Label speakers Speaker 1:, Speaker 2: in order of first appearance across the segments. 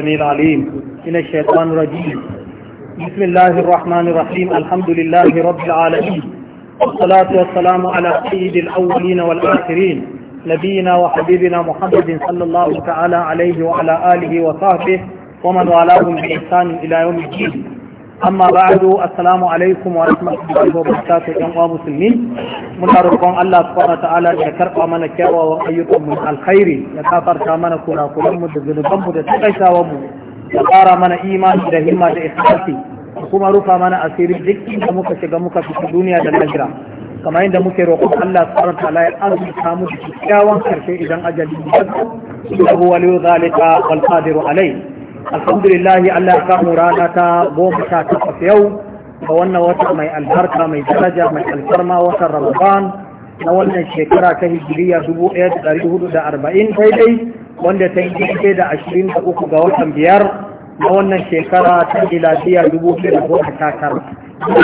Speaker 1: السميع العليم من الشيطان الرجيم بسم الله الرحمن الرحيم الحمد لله رب العالمين والصلاة والسلام على سيد الأولين والآخرين نبينا وحبيبنا محمد صلى الله تعالى عليه وعلى آله وصحبه ومن والاهم بإحسان إلى يوم الدين amma ba'du assalamu alaikum wa rahmatullahi wa barakatuh yan uwa musulmi muna roƙon Allah subhanahu ta'ala ya karɓa mana kyawawan ayyukan mu alkhairi ya kafarta mana kurakuran mu da zunuban mu da takaitawa mu ya ƙara mana imani da himma da ikhlasi kuma rufa mana asiri duk da muka shiga muka fita duniya da lahira kamar yadda muke roƙon Allah subhanahu ta'ala ya azurta mu da karshe idan ajali ya zo huwa liyu zalika wal qadiru alayhi alhamdulillahi Allah ya samu rana ta goma sha takwas yau a wannan wata mai albarka mai daraja mai alfarma wata ramadan na wannan shekara ta hijiriya dubu ɗaya da ɗari hudu da arba'in daidai wanda ta yi daidai da ashirin da uku ga watan biyar na wannan shekara ta miladiya dubu biyu da goma sha tara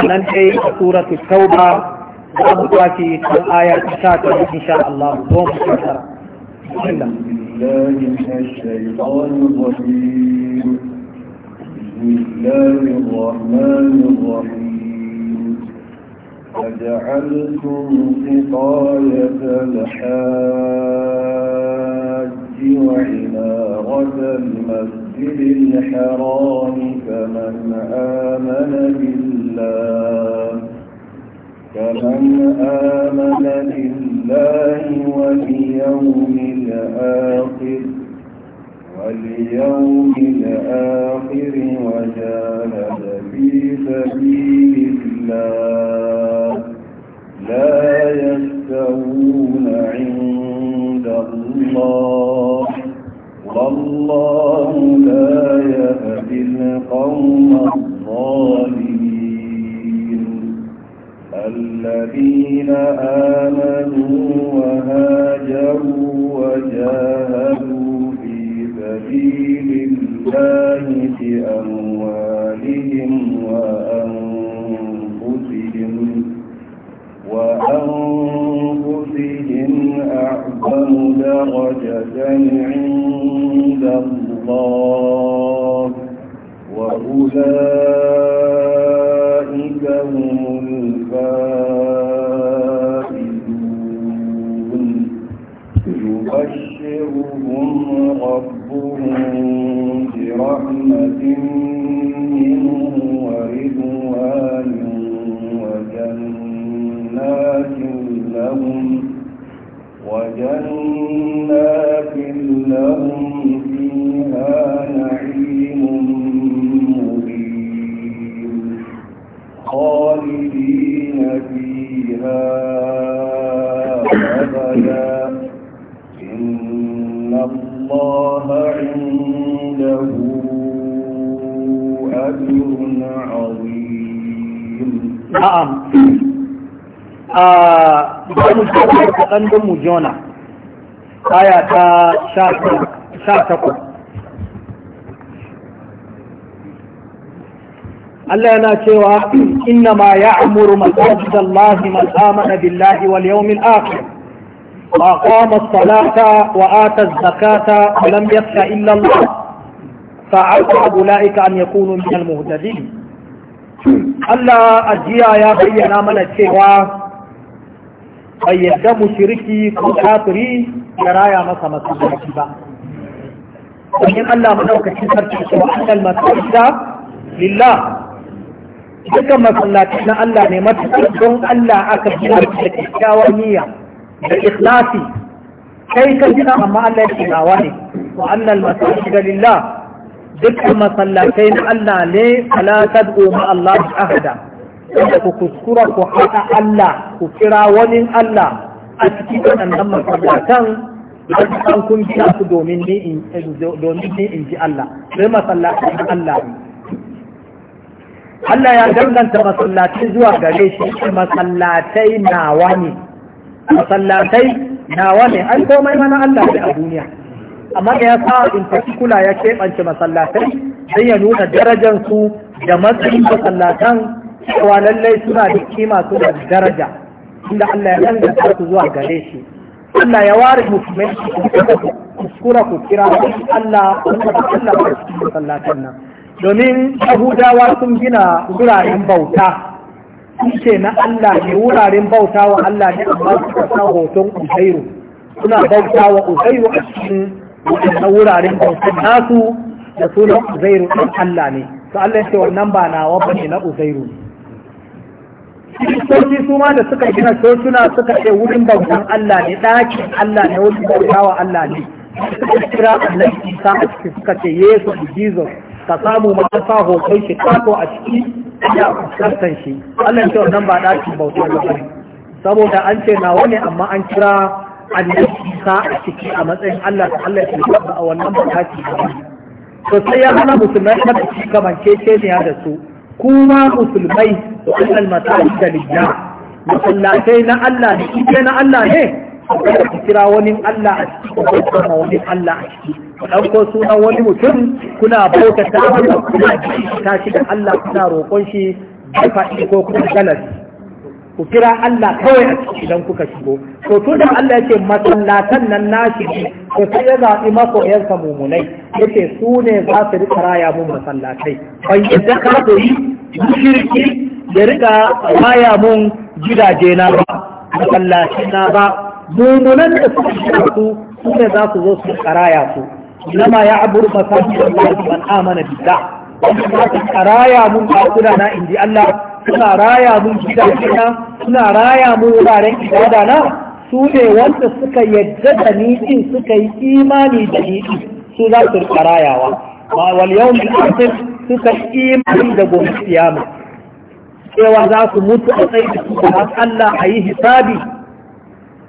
Speaker 1: nan dai a suratu tauba za mu tafi ta aya ta ta tara insha Allah
Speaker 2: goma sha tara. بالله الشيطان الرجيم بسم الله الرحمن الرحيم أجعلتم سقاية الحاج وعمارة المسجد الحرام فمن آمن بالله فمن آمن لله واليوم الآخر واليوم الآخر وجاهد في سبيل الله لا يستوون عند الله والله لا يهدي القوم الذين آمنوا وهاجروا وجاهدوا في سبيل الله
Speaker 1: ɗan don mu jona aya ta sha takwas Allah yana cewa inna ma ya amuru masajid Allah man amana billahi wal yawmil akhir wa qama as-salata wa ata az-zakata wa lam yakhsha illa Allah fa'asa ulaika an yakunu min al-muhtadin Allah ajiya ya bayyana mana cewa bai yadda mushriki ko kafiri ya raya masa masallaci ba domin Allah madaukakin sarki ce wa annal masallata lillah dukkan masallaci na Allah ne matuƙar don Allah aka gina da kyakkyawar niyya da ikhlasi kai ka gina amma Allah ya nawa ne wa annal masallata lillah dukkan masallatai na Allah ne fala tad'u ma Allah ahada wanda ku kuskura ku haɗa Allah ku kira wani Allah a cikin waɗannan masallatan an kun biya su domin ne in ji Allah sai masallatan Allah ne Allah ya danganta masallatai zuwa gare shi masallatai nawa ne masallatai nawa ne an komai mana Allah ne a duniya amma da ya sa in particular ya keɓance masallatai sai ya nuna darajar da matsayin masallatan cewa lallai suna da kima su da daraja inda Allah ya danganta su zuwa gare shi Allah ya ware musulmai kuskura ku kira Allah wanda Allah ba su masallatan nan domin Yahudawa sun gina wuraren bauta ce na Allah ne wuraren bauta wa Allah ne amma suka sa hoton Uzairu
Speaker 2: suna bauta wa Uzairu
Speaker 1: a cikin wadannan wuraren bauta nasu da sunan Uzairu ɗan Allah ne to Allah ya ce wannan ba nawa bane na Uzairu ne kiristoci su ma da suka gina cocina suka ce wurin bautan Allah ne ɗakin Allah ne bauta wa Allah ne suka kira Allah Isa a cikin suka ce Yesu Jesus ka samu masa hoton shi kato a ciki ya fuskantar shi Allah ce wannan ba ɗakin bautan ba saboda an ce nawa ne amma an kira Allah Isa a ciki a matsayin Allah da Allah ke a wannan ba ɗakin ba to sai ya hana musulmai kada su kamar ce ne da su kuma musulmai wannan matsayi da lijja masallatai na Allah ne ike na Allah ne kada ku kira wani Allah a ciki ku bauta wani Allah a ciki sunan wani mutum kuna bauta ta Allah kuna ta shi da Allah kuna roƙon shi da faɗi ko kuma galasi ku kira Allah kawai a ciki idan kuka shigo to tun da Allah yake masallatan nan na shi, ko sai ya zaɓi masoyansa mumunai yace su ne za su rika raya mun masallatai ban yadda ka so yi shirki ya rika raya mun gidaje na ba masallaci na ba mumunan da suka shiga su su ne za su zo su karaya su inama ya aburu masajin Allah man amana bidda wanda su karaya mun ba na inji Allah suna raya mun gidajena suna raya mun wuraren ibada na su ne wanda suka yadda da ni din suka yi imani da ni su za su rika rayawa ma wal yawmin akhir suka imani da gobe kiyama cewa za su mutu a tsaye da su Allah a yi hisabi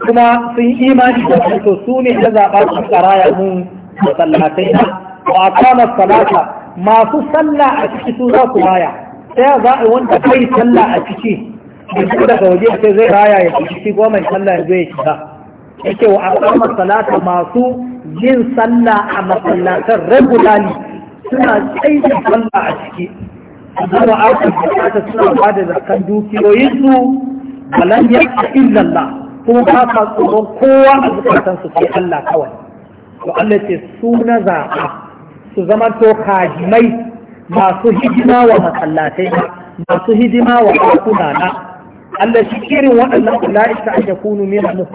Speaker 1: kuma sun yi imani da su su ne da zaɓa su karaya mun masallatai na wa kama salata masu sallah a ciki su za su raya ta ya za a wanda kai sallah a ciki da su daga waje sai zai raya ya ciki goma sallah ya zai shiga yake wa aqama salata masu yin sallah a masallatan regularly suna tsaye sallah a ciki kuma aka ta suna ba da zakan dukiyoyin su balan ya illa Allah kuma ba ka tsoron kowa a zukatan su sai Allah kawai to Allah ce su na zaɓa su zama to kajimai masu hidima wa masallatai masu hidima wa ɗakuna na Allah shi irin waɗannan ula'ika ake kunu min al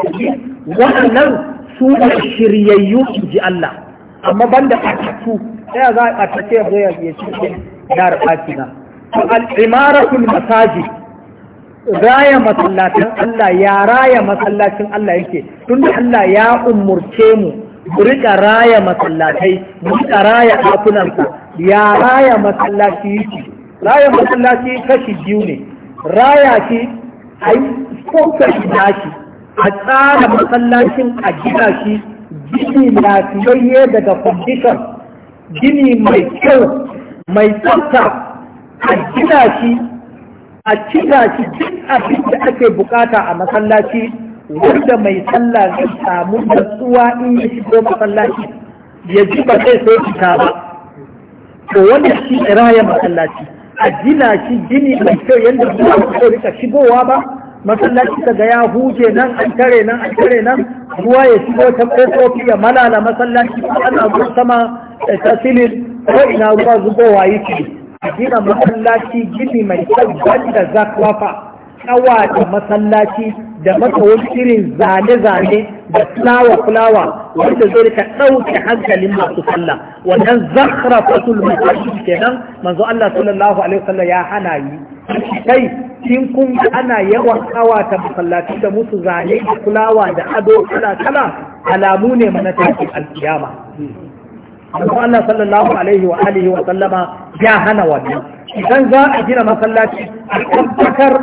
Speaker 1: waɗannan su ne shiryayyu ji Allah amma banda ɓatattu sai za a ɓatace ya zo ya ce yar ɓatina al-imaratul masajid raya masallacin Allah ya raya masallacin Allah yake tunda Allah ya umurce mu mu rika raya masallatai mu rika raya ɗakunansa ya raya masallaci yake raya masallaci kashi biyu ne raya shi a yi kuka shi a tsara masallacin a gina shi gini lafiyayye daga kwamfutan gini mai kyau mai tsarta a gina shi a cika shi duk abin da ake bukata a masallaci wanda mai sallah zai samu tsuwa in ya shigo masallaci ya ji ba zai sai fita ba to wanda shi raya masallaci a gina shi gini mai kyau yadda zuwa ko rika shigowa ba masallaci ta ga ya huje nan an tare nan an tare nan ruwa ya shigo ta kofofi ya malala masallaci ko ana sama ta silin ko ina ruwa zubowa yake a gina masallaci gini mai kyau wanda zakwafa kawata masallaci da masa wani irin zane-zane da fulawa-fulawa wanda zai rika ɗauke hankalin masu sallah wannan zakra fatul masajid kenan manzo Allah sallallahu alaihi wasallam ya hana yi kai kin kun ana yawan kawata masallaci da musu zane da fulawa da ado kala-kala alamu ne mana tashin alkiyama manzo Allah sallallahu alaihi wa alihi wa sallama ya hana wannan idan za a gina masallaci a tabbatar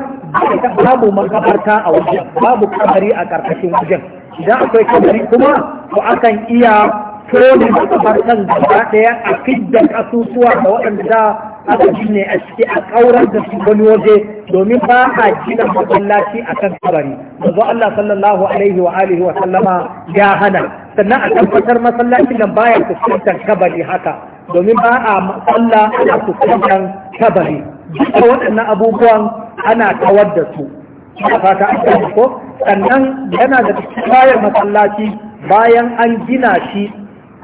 Speaker 1: babu makabarta a wajen babu kabari a karkashin wajen idan akwai kabari kuma to akan iya tone makabartan gaba daya a fidda kasusuwa da waɗanda aka gine a ciki a kaurar da su wani waje domin ba a gina masallaci a kan kabari manzo Allah sallallahu alaihi wa alihi wa sallama ya hana sannan a tabbatar masallacin nan baya fuskantar kabari haka domin ba a sallah a fuskantar kabari duka waɗannan abubuwan ana kawar da su a fata an ko sannan yana da kayan masallaci bayan an gina shi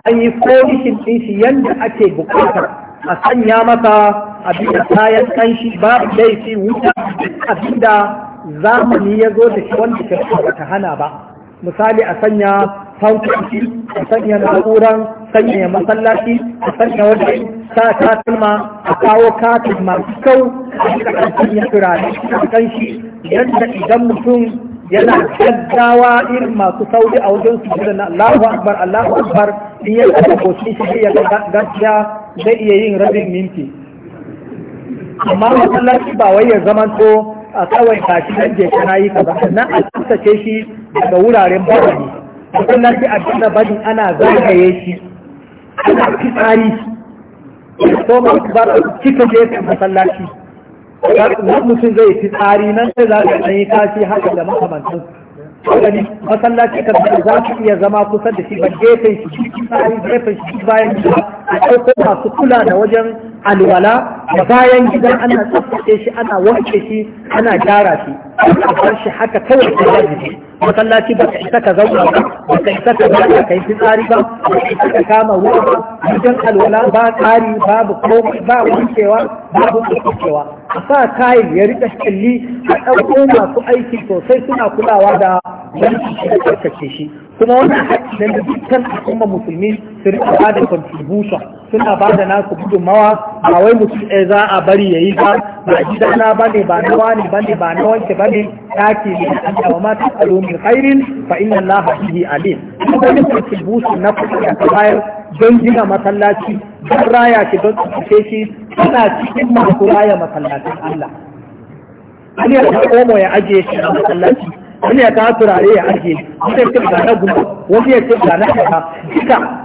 Speaker 1: an yi komishin ɗin shi yadda ake buƙatar a sanya masa abin da kayan ƙanshi babu laifi wuta abin da zamani ya zo da shi wanda ke ta hana ba misali a sanya fankoki a sanya na'uran sanya masallaci a sanya wajen ta takalma a kawo katin masu kyau a cikin ƙarfin ya turare a kan shi yadda idan mutum yana gaggawa irin masu sauri a wajen su na Allahu Akbar Allahu Akbar in ya kada koci shi ya gaskiya zai iya yin rabin minti amma masallaci ba wai ya to a kawai kashi nan je kana yi kaza nan a tsaftace shi daga wuraren bawani masallaci a cikin badin ana zagaye shi ana shi. Koma ma ba kika je ka masallaci nan mutum zai fi tsari nan sai za ka yi kashi haka da makamantan gani masallaci kan da za ka iya zama kusa da shi ba gefen shi tsari gefen shi bayan shi a masu kula da wajen alwala da bayan gidan ana tsaftace shi ana wanke shi ana gyara shi a bar haka kawai ta wajibi masallaci ba ka isa ka zauna ba ba ka isa ka zauna ka yi fitsari ba ba ka isa ka kama ruwa ba gidan alwala ba tsari babu komai ba wankewa babu wankewa a sa kayan ya riƙa kalli a ɗauko masu aiki sosai suna kulawa da wani shi da tsarkake shi kuma wannan haƙƙi na dukkan al'umma musulmi su riƙa ba da contribution suna ba da nasu gudunmawa ba wai mutum ɗaya za a bari ya yi ba ba gida na ba ne ba nawa ne ba ne ba na wanke ba ne ke ne a ɗan yawa mata tsaro min khairin fa inna a bihi alim wani contribution na kuɗi a bayar don gina masallaci don raya ki don tsaftace shi suna cikin masu raya masallacin Allah.
Speaker 2: Wani ya komo ya ajiye shi a masallaci wani ya ta turare ya ajiye wani ya ce ga na gudu
Speaker 1: wani ya ce ga na kaza duka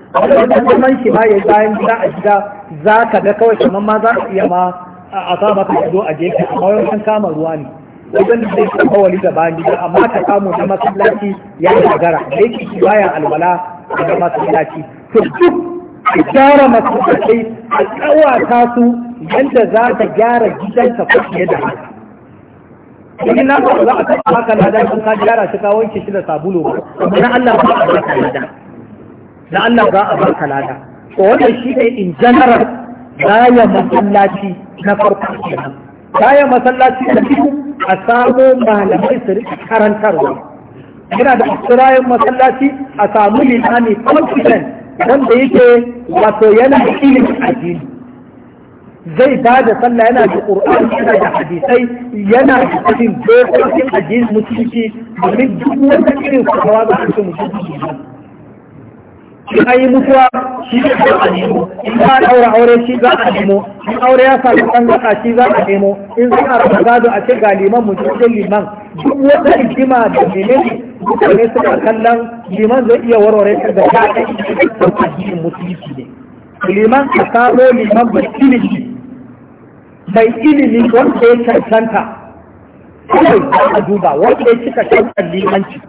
Speaker 1: wanda zaman shi ma ya bayan gida a gida za ka ga kawai kamar ma za ka iya ma a sa maka ido a gefe amma yawancin kama ruwa ne wajen da zai ka kawali da bayan gida amma ka samu na masallaci ya yi gagara da yake shi baya alwala da masallaci to duk
Speaker 3: gyara masallaci
Speaker 1: a tsawata su yadda za ka gyara gidanka ko fiye da haka Idan na za a taɓa haka ladan ka gyara shi ka wanke shi da sabulu ba, na Allah ba a baka ladan. na Allah za a ka lada to wanda shi ne in general gaya masallaci na farko kenan masallaci da biyu a samu malamai su rika karantarwa yana da asirayen masallaci a samu limami confident wanda yake wato yana da ilimin addini zai ba da sallah yana da ƙur'ani yana da hadisai yana da cikin dokokin addinin mutunci domin duk wanda irin fatawa ba su mutunci ba in an yi mutuwa shi ne za a nemo in ba a daura aure shi za a nemo in aure ya samu kan gasa shi za a nemo in za a raba gado a ce ga liman mu ce liman duk wata hikima da ne mutane suka kallon liman zai iya warware ta da ta kai da addinin musulunci ne liman a samo liman mai ilimi mai ilimi wanda ya cancanta kawai za a duba wanda ya cika cancan limanci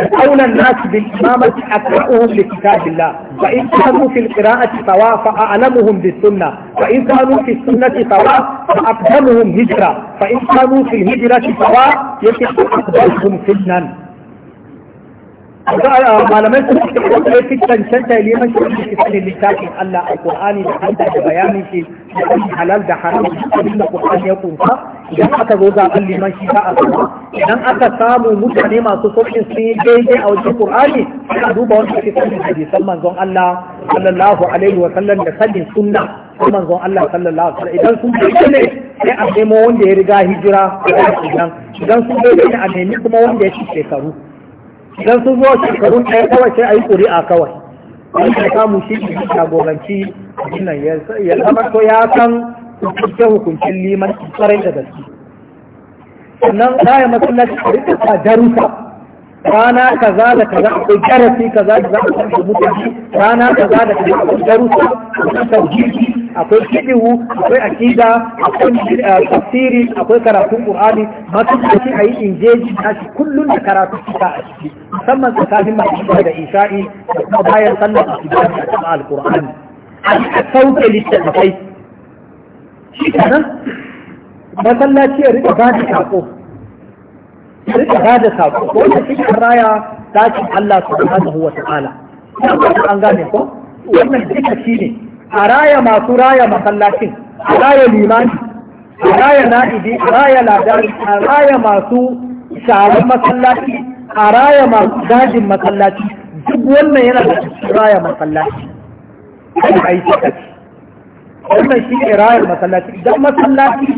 Speaker 1: أولى الناس بالإمامة أقرأهم لكتاب الله فإن كانوا في القراءة سواء فأعلمهم بالسنة فإن كانوا في السنة سواء فأقدمهم هجرة فإن كانوا في الهجرة سواء أقدمهم سنا malamai sun ce wanda fi cancanta neman shi wanda ke littafin Allah a Qur'ani da hadda da bayanin shi da halal da haram da Qur'ani ya kunsa idan aka zo zaɓen liman shi za a samu idan aka samu mutane masu sauƙin sun yi daidai a wajen Qur'ani ana duba wani ke sanin hadisan manzon Allah sallallahu alaihi wa sallam da sallin sunna ko manzon Allah sallallahu alaihi idan sun bai ne sai a nemo wanda ya riga hijira idan sun bai ne a nemi kuma wanda ya ci shekaru idan sun zo shekarun ɗaya kawai sai a yi ƙuri'a kawai wanda ya samu shi ne jagoranci nan ya zama to ya san hukuncin liman tsarai da gaske sannan kayan masallaci a rika darusa rana kaza da kaza akwai jarafi kaza da za a da mutane rana kaza da kaza akwai jarusa akwai tauhidi akwai fiqhu akwai aqida akwai eh, tafsiri akwai karatun qur'ani masu kaci ayi injeji da shi kullun da karatu ta a ciki musamman tsakanin magana da isha'i da kuma bayan sallar asuba da kuma alqur'ani a sauke littattafai shi kenan masallaci ya rika ba da sako suka ba da sako ko da cikin raya dakin Allah da huwa ta'ala an gane ko wannan duka shi ne a raya masu raya masallacin a raya limani a raya na'ibi a raya ladari a raya masu sharar masallaci a raya masu dajin masallaci duk wannan yana da cikin raya masallaci kuma a yi wannan shi ne rayar masallaci idan masallaci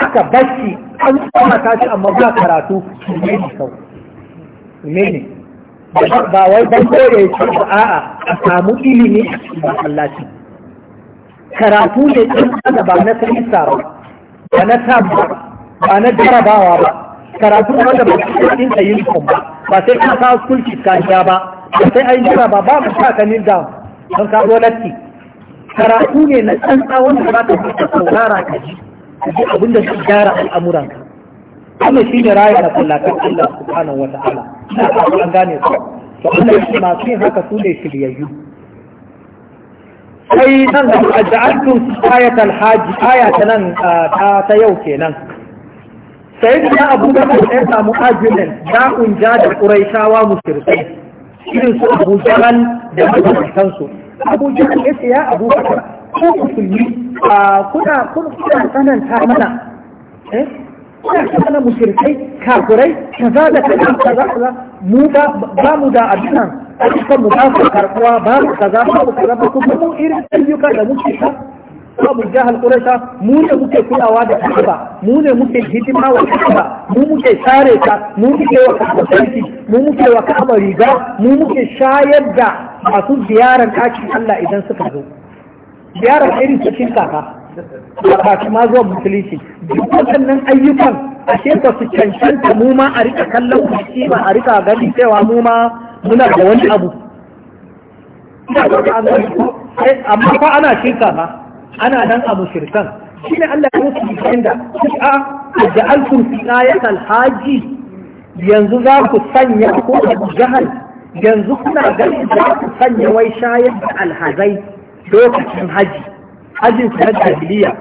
Speaker 1: aka bacci an kuma tashi amma za karatu ne ne mene
Speaker 2: ba wai ban kore
Speaker 1: ya ce a'a a samu ilimi a cikin masallaci karatu ne ɗin ba na sai ba ba na tabba ba na jarabawa ba karatu wanda ba su ɗin da yin ba ba sai ka kawo kulki kanta ba ba sai an jira ba ba mu sa ka nin down don ka zo latti karatu ne na tsantsa wanda ba ka fi saurara ka ji ji abin da zai gyara al'amuran Allah shi ne rayu da tallafin Allah subhanahu wa ta'ala ina ka an gane su to Allah shi masu yin haka su ne shiryayyu sai nan da aja'atun ayatul hajji aya ta nan ta yau kenan sai da Abu Bakar ya samu argument da unja da Quraishawa mushrikai irin su Abu Jahal da mutanen su Abu Jahal ya ce ya Abu Bakar ko musulmi a kuna kuna tsananta mana eh kuna tsananta mushrikai kafirai kaza da kaza kaza kaza mu ba ba mu da abinan ayyukan mu ba su karbuwa ba mu kaza ba mu kaza ba kuma mu irin ayyuka da muke ta babu jahal quraisha mu ne muke kulawa da ba? mu ne muke hidima wa ba? mu muke sare ta mu muke wa kaza mu muke wa kaza riga mu muke shayar da masu ziyarar ɗakin Allah idan suka zo ziyarar irin cikin kaka da kafin ma zuwa musulunci duk waɗannan ayyukan ashe ba su cancanta mu ma a rika kallon kuci ba a rika gani cewa mu ma muna da wani abu amma fa ana shirka ba ana nan abu shirkan shi ne Allah ya musu bikin da a da alkun fi ayatul yanzu za ku sanya ko jihar yanzu kuna ganin za ku sanya wai shayar da alhazai lokacin haji hajin na jahiliya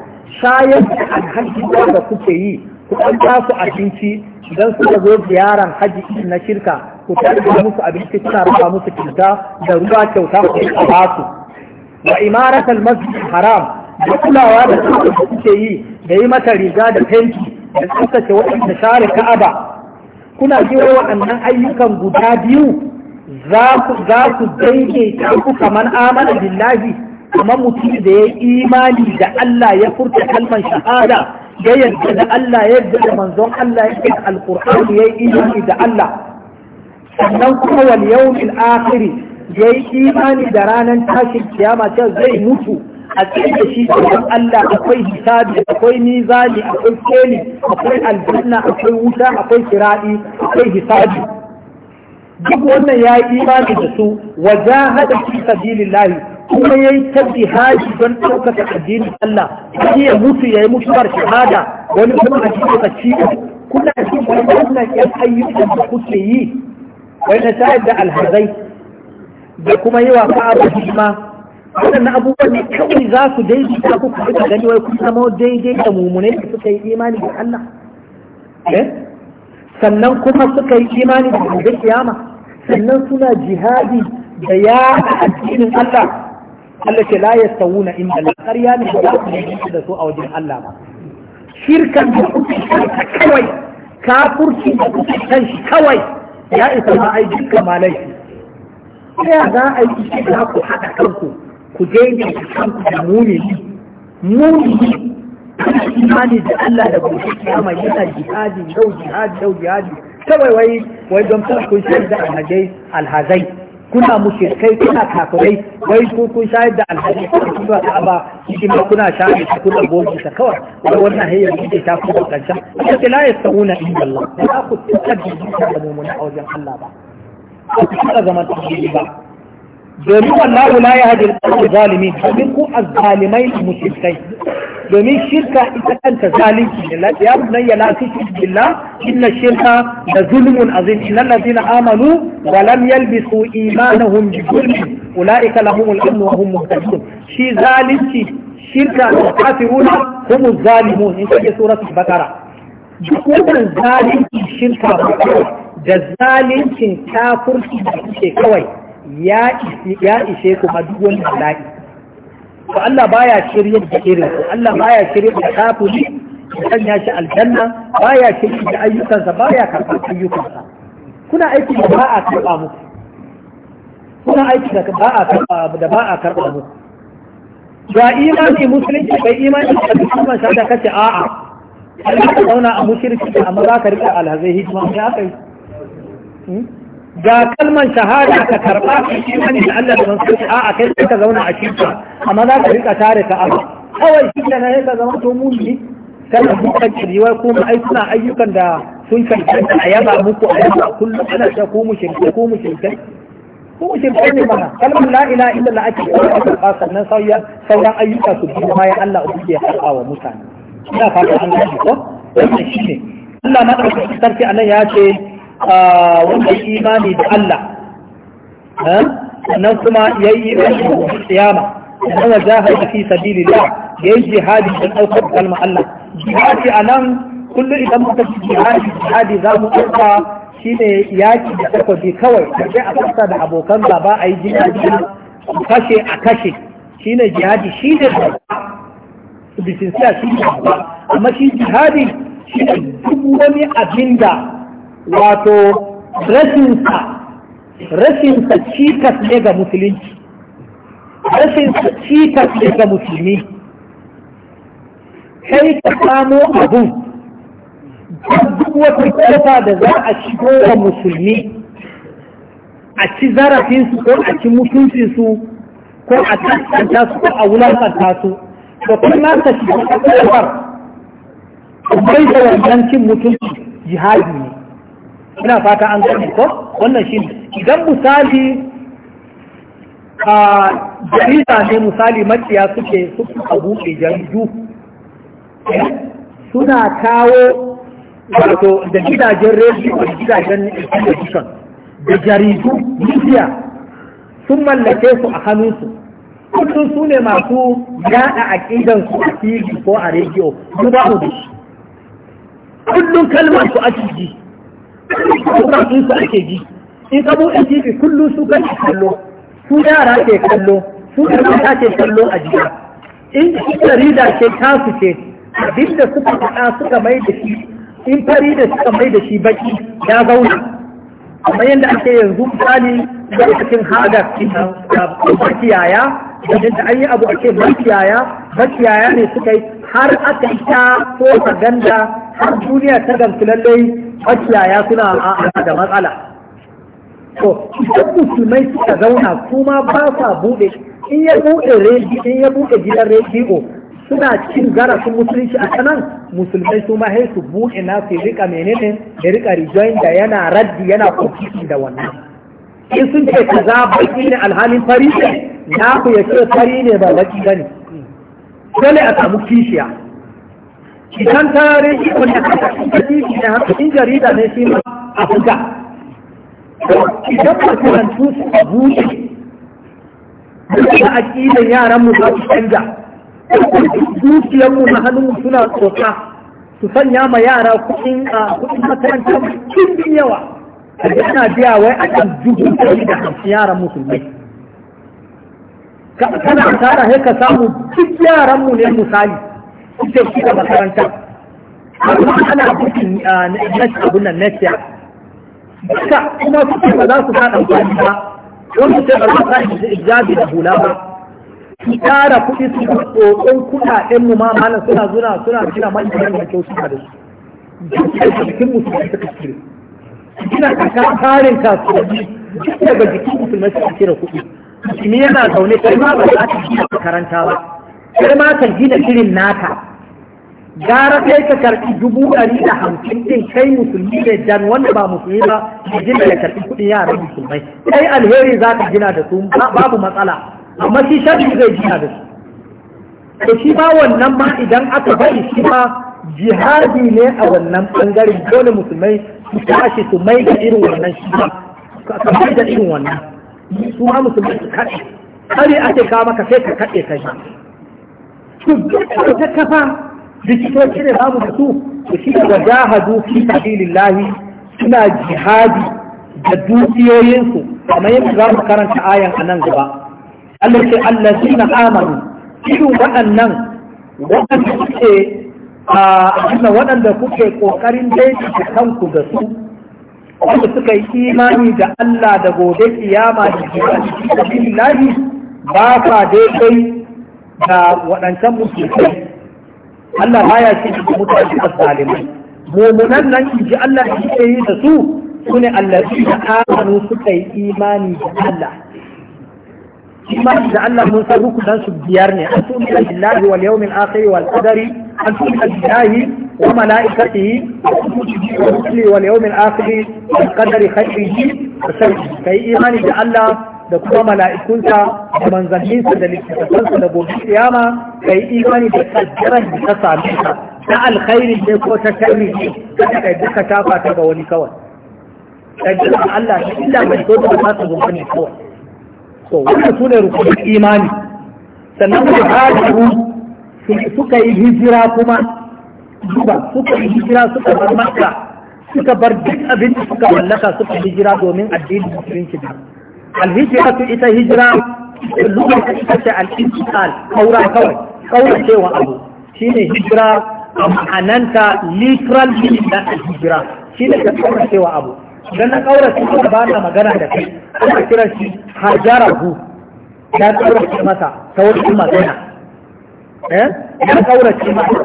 Speaker 1: shayar da alhaji da kuke yi ku an ba abinci idan suka zo ziyaran haji na shirka ku tarba musu abinci suna raba musu kyauta da ruwa kyauta ku ba su wa imaratul masjid haram da kulawa da kuke yi da yi mata riga da fenti da tsaftace waɗanda share ka'aba kuna jiro waɗannan ayyukan guda biyu za ku za ku daidaita ku kamar amana billahi kamar mutum da ya yi imani da Allah ya furta kalmar shahada ya yadda da Allah ya da manzon Allah ya yarda da ya yi imani da Allah sannan kuma wal yawmil akhiri ya yi imani da ranar tashin kiyama ta zai mutu a cikin da shi don Allah akwai hisabi akwai mizani akwai keli akwai aljanna akwai wuta akwai kiradi akwai hisabi duk wannan ya yi imani da su wajahada fi sabilillahi kuma ya yi ta jihadi don ɗaukaka addinin Allah shi ya mutu ya yi mutuwar shahada wani kuma a cikin ka ciwo kuna cikin wannan ƴan ayyukan da kuke yi wani na shayar da alhazai da kuma yi wa ka'aba hikima waɗannan abubuwan ne kawai za su daidaita ku ku duka gani wai kun zama daidai da mummunai da suka yi imani da Allah eh? sannan kuma suka yi imani da gobe kiyama sannan suna jihadi da ya addinin Allah Allah ce la yastawuna inda la ƙarya ne ba su yi da su a wajen Allah ba shirkan da kuke shirka kawai kafurci da kuke kan shi kawai ya isa ma ai dukkan malai ya za a yi shi da ku haɗa kanku ku je ne ku kanku da muni muni imani da Allah da gobe kiyama yana jihadi yau jihadi yau jihadi kawai wai wai don kun shirka alhazai alhazai kuna mushrikai kuna kafirai wai ku kun shayar da alhaji kun ba ka ba shi ma kuna shayar da kuna bogi ta kawai wai wannan hayya ne ta ku kansha kace la yastauna inda Allah ba ku tsaka da mu'mina a wajen Allah ba ku tsaka zaman tabbili ba domin wallahu la yahdi al-qawm zalimin domin ku az-zalimai mushrikai domin shirka ita kanta zalunci ne ya bunayya la tushrik billah inna shirka da zulmun azim innal ladina amanu wa lam yalbisu imanahum bi zulmin ulaika lahum al-amn wa hum muhtadun shi zalunci shirka da kafiruna hum az-zalimun in kaje suratul bakara duk wannan zalunci shirka da zalincin kafirci da kawai ya ishe ku ma duk wani bala'i to Allah baya shirye da irin ku Allah baya shirye da kafuli da ya shi aljanna baya shirye da ayyukansa baya karɓar ayyukansa kuna aiki da ba a karɓa muku kuna aiki da ba a karɓa da ba a karɓa muku ga imani musulunci bai imani da musulman sa da kace a'a Allah ka zauna a mushirki amma za ka riƙa alhazai hijima ya kai ga kalman shahada ka karba ka shi wani da Allah da mansu a a kai ka zauna a shirka amma za ka rika tare ka abu kawai shi da na ka zama to mumini kana dukkan kiriwa ko mu ai suna ayyukan da sun cancanta a yaba muku a yaba kullum ana ta ko mu shirka ko mu shirka ko mu shirka ne mana kalmar la ilaha illallah ake karba karba sannan sauran ayyuka su bi bayan Allah ubi ya karba wa mutane ina fata an gane ko wannan shine Allah madaukakin sarki anan ya ce wanda imani da Allah nan kuma ya yi imani da tsiyama sannan wa jahar fi sabilillah ya yi jihadi da ɗaukar kalmar Allah jihadi a nan kullum idan muka ci jihadi jihadi za mu ɗauka shi ne yaki da takobi kawai da sai a kasa da abokan gaba a yi jihadi kashe a kashe shi ne jihadi shi ne bisinsiya shi ne amma shi jihadi shi ne duk wani abin da wato rashinsa
Speaker 3: rashinsa
Speaker 1: cikas ne ga musulunci rashinsa cikas ne ga musulmi sai ka samo abun duk wata kofa da za a shigo wa musulmi a ci zarafinsu ko a ci mutuncinsu ko a tattanta su ko a wulakanta su to kuma ka shiga kafar bai da wannan cin mutunci jihadi ina fata an gani ko wannan shi idan misali a jarida ne misali maciya suke a buɗe jaridu eh, suna kawo wato da gidajen rediyo da gidajen television da jaridu media sun mallake su a hannunsu kullum su ne masu yada aƙidan su a tv ko a rediyo kullum kalmar su a kukan su ake ji in ka buɗe tv kullum su kan kallo su yara ke kallo su ɗan ke kallo a jiya in
Speaker 3: shi ce
Speaker 1: tasu ce abin da suka faɗa suka mai da shi in fari da suka mai da shi baki ya zauna amma yadda ake yanzu misali lokacin hagar cikin yaya da an yi abu a ce makiyaya makiyaya ne suka yi har aka yi ta ko ganda har duniya ta gamsu lallai makiyaya suna a da matsala to idan musulmai suka zauna kuma ba sa buɗe in ya buɗe rediyo in ya buɗe gidan rediyo suna cin zarafin musulunci a kanan musulmai su ma su buɗe na su rika menene da rika rijoyin da yana raddi yana kofi da wannan in sun ce za baki ne alhalin fari ya ku ya ce tari ne ba laki gani dole a samu kishiya idan tarihi wanda ka kashi ne haka in jarida ne shi ma a fuka. idan makarantu su a buɗe da aƙidan yaran mu za su canza dukiyar mu na hannun suna tsoka, su sanya ma yara kuɗin a kuɗin makarantar cikin yawa a ana biya wai a kan dubu ɗari da hamsin yaran musulmai kana asara sai ka samu duk yaran mu ne misali suke shi da makaranta amma ana bukin ah, na abun nan na siya duka kuma suke ba za su faɗa amfani ba wani sai ba za su faɗa ijabi da hula ba su tara kuɗi su tsotson kuɗaɗen mu ma malam suna zuna suna kira mai da yawan kyau suka da su duk da jikin musulmai suka cire gina kaka tsarin kasuwanni duk daga jikin musulmai suka cire kuɗi musulmi yana zaune kai ma ba za ta gina makaranta ba kai ma ka gina irin naka gara sai ka karɓi dubu ɗari da hamsin ɗin kai musulmi ne dan wanda ba musulmi ba ka gina da karɓi kuɗin yaran musulmai kai alheri za ka gina da su babu matsala amma shi shaɗi zai gina da su to shi ma wannan ma idan aka bari shi ma jihadi ne a wannan ɓangaren dole musulmai su tashi su mai da irin wannan shi ma ka mai da irin wannan su ma su kaɗe kare ake kawo maka sai ka kaɗe kai shi su duk ta kafa likitoci ne babu da su su shi da jahadu fi sabilillahi suna jihadi da dukiyoyinsu kamar yadda za mu karanta ayan a nan gaba Allah ce allazina amanu irin waɗannan waɗanda kuke a waɗanda kuke ƙoƙarin daidaita kanku da su wanda suka yi imani da Allah da gobe kiyama da kiyama ba sa daidai da waɗancan musulmai Allah ya ce da mutane a zalimai mumunan nan in ji Allah da suke yi da su su ne allazi da amanu suka yi imani da Allah imani da Allah mun san rukunan su biyar ne a sunan lillahi wal yawmil akhir wal qadari أن تؤمن بالله وملائكته وكتبه ورسله واليوم الآخر والقدر خيره وشره كي kai imani da Allah da kuma mala'ikunsa da manzanninsa da littattafansa da gobe kiyama kai imani da kaddaran da ta same ka ta alkhairi ne ko ta sharri ne kada ka duka ta ta ga wani kawai kaddaran Allah da illa mai so da ba su gobe ne kawai so wannan su ne rukunin imani sannan ku hadu suka yi hijira kuma duba suka yi hijira suka bar makka suka bar duk abin da suka mallaka suka hijira domin addinin musulunci da alhijira su ita hijira lura ta ita ce al-intiqal kaura kawai kaura cewa abu shine hijira ma'ananta literal meaning da hijira shine ka kaura cewa abu dan na kaura shi ba bana magana da kai ana kira shi hajarahu ya kaura masa ta magana eh ya kaurace ma ko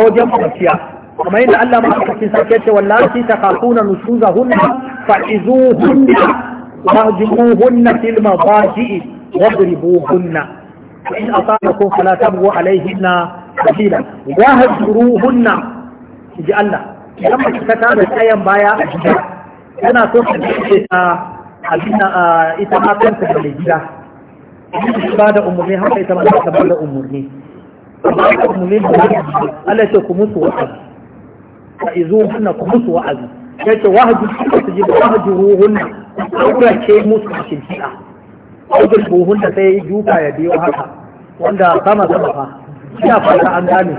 Speaker 1: wajen kwanciya kamar yadda Allah ma aka cikin sarki ce wallahi ta kafuna nusuzahunna fa'izuhunna wahjuruhunna fil mabaji'i wadribuhunna in asanakum fala tabghu alaihinna sabila wahjuruhunna ji Allah idan mace ta tada tsayan baya a gida tana so ta ce ta abin ita ma kanta da gida ba da umurni haka ita ma ta ba da umurni
Speaker 3: wa'azi. ce فبعثهم منهم
Speaker 1: ألا تكمس وعز فإذوهن كمس وعز yace wahaju tujib wahaju ruhun aurace musu a shimfiɗa aujin ruhun da sai duka ya biyo haka wanda sama sama fa ina fata an gane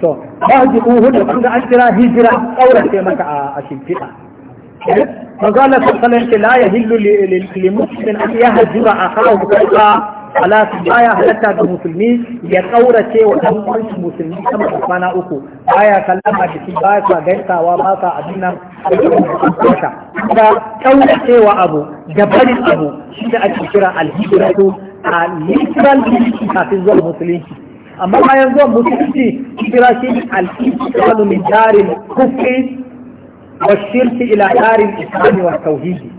Speaker 1: to wahaju ruhun da kun ga an kira hijira ɗaura aurace maka a shimfiɗa magana sallallahu alaihi la yahillu lil muslimin an a akahu kaza fala Ba ya halatta ga musulmi ya kaurace wa dan uwansu musulmi sama da kwana uku ya sallama da shi ba sa gaisawa ba sa abin nan da kaurace wa abu da barin abu shi da ake kira alhijratu a literal kafin zuwa musulunci amma bayan zuwa musulunci kira shi alhijratu min darin kufri wa shirki ila darin islami wa tauhidi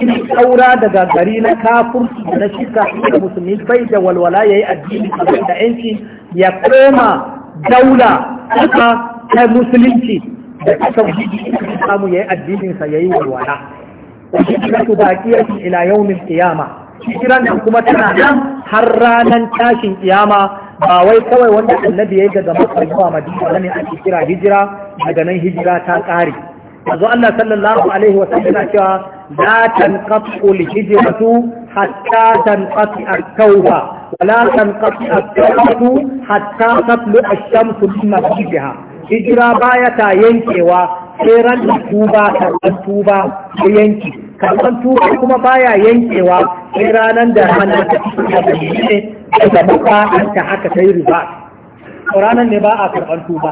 Speaker 1: in saura daga gari na kafurci da na shirka da musulmi bai da walwala ya yi addini da yanci ya koma daula ta ta musulunci da ta tauhidi da samu ya yi addininsa ya yi walwala wajibina su baƙiyar shi ila yaumin kiyama kiran nan kuma tana nan har ranar tashin kiyama ba wai kawai wanda annabi ya yi daga makar zuwa madina ne ake kira hijira daga nan hijira ta ƙare yanzu Allah sallallahu alaihi wa sallam cewa لا تنقطع الهجرة حتى تنقطع التوبة ولا تنقطع التوبة حتى تطلع الشمس من مسجدها هجرة باية yankewa, tseren da tuba tuba yanki tuba kuma baya yankewa sai ranar da ranar ta fito da bayyane haka ta yi riba ranar ne ba a karɓar tuba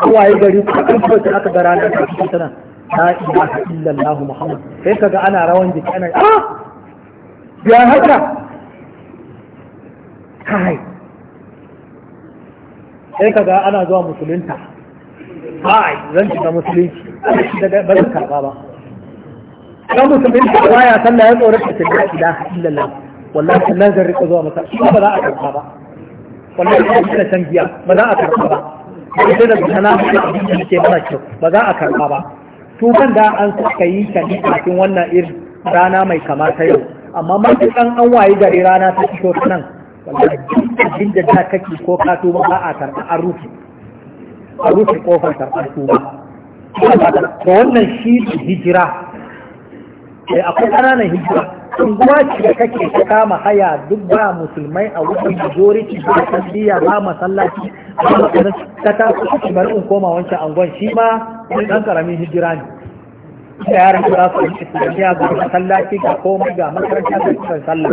Speaker 1: kowaye gari ko kuma ta aka ga ranar da fito ta la ilaha illallah muhammad sai kaga ana rawan jiki ana ah ya haka kai sai kaga ana zuwa musulunta kai zan shiga musulunci daga ba zan karba ba dan musulunci ba ya sallah ya tsorata ta la ilaha illallah wallahi sannan zan rika zuwa masa ba za a karba ba wallahi ba shi da can giya ba za a karba ba sai da sana da abin da ke mana kyau ba za a karba ba tuban da an suka yi ta cikin wannan irin rana mai kama ta yau amma matukan an wayi gari rana ta fito ta nan abin da ta kake ko ka tuba ba a karɓa a rufe a rufe kofar karɓar tuba to wannan shi hijira eh, akwai ƙananan hijira unguwa ce da kake ta kama haya duk ba musulmai a wurin majority ba sandiya ba masallaci ba masallaci ta shi bari in koma wancan angon shi ma sai ɗan ƙaramin hijira ne da yaran da za su yi islamiyya ga masallaci ga komai ga makaranta da kuma sallah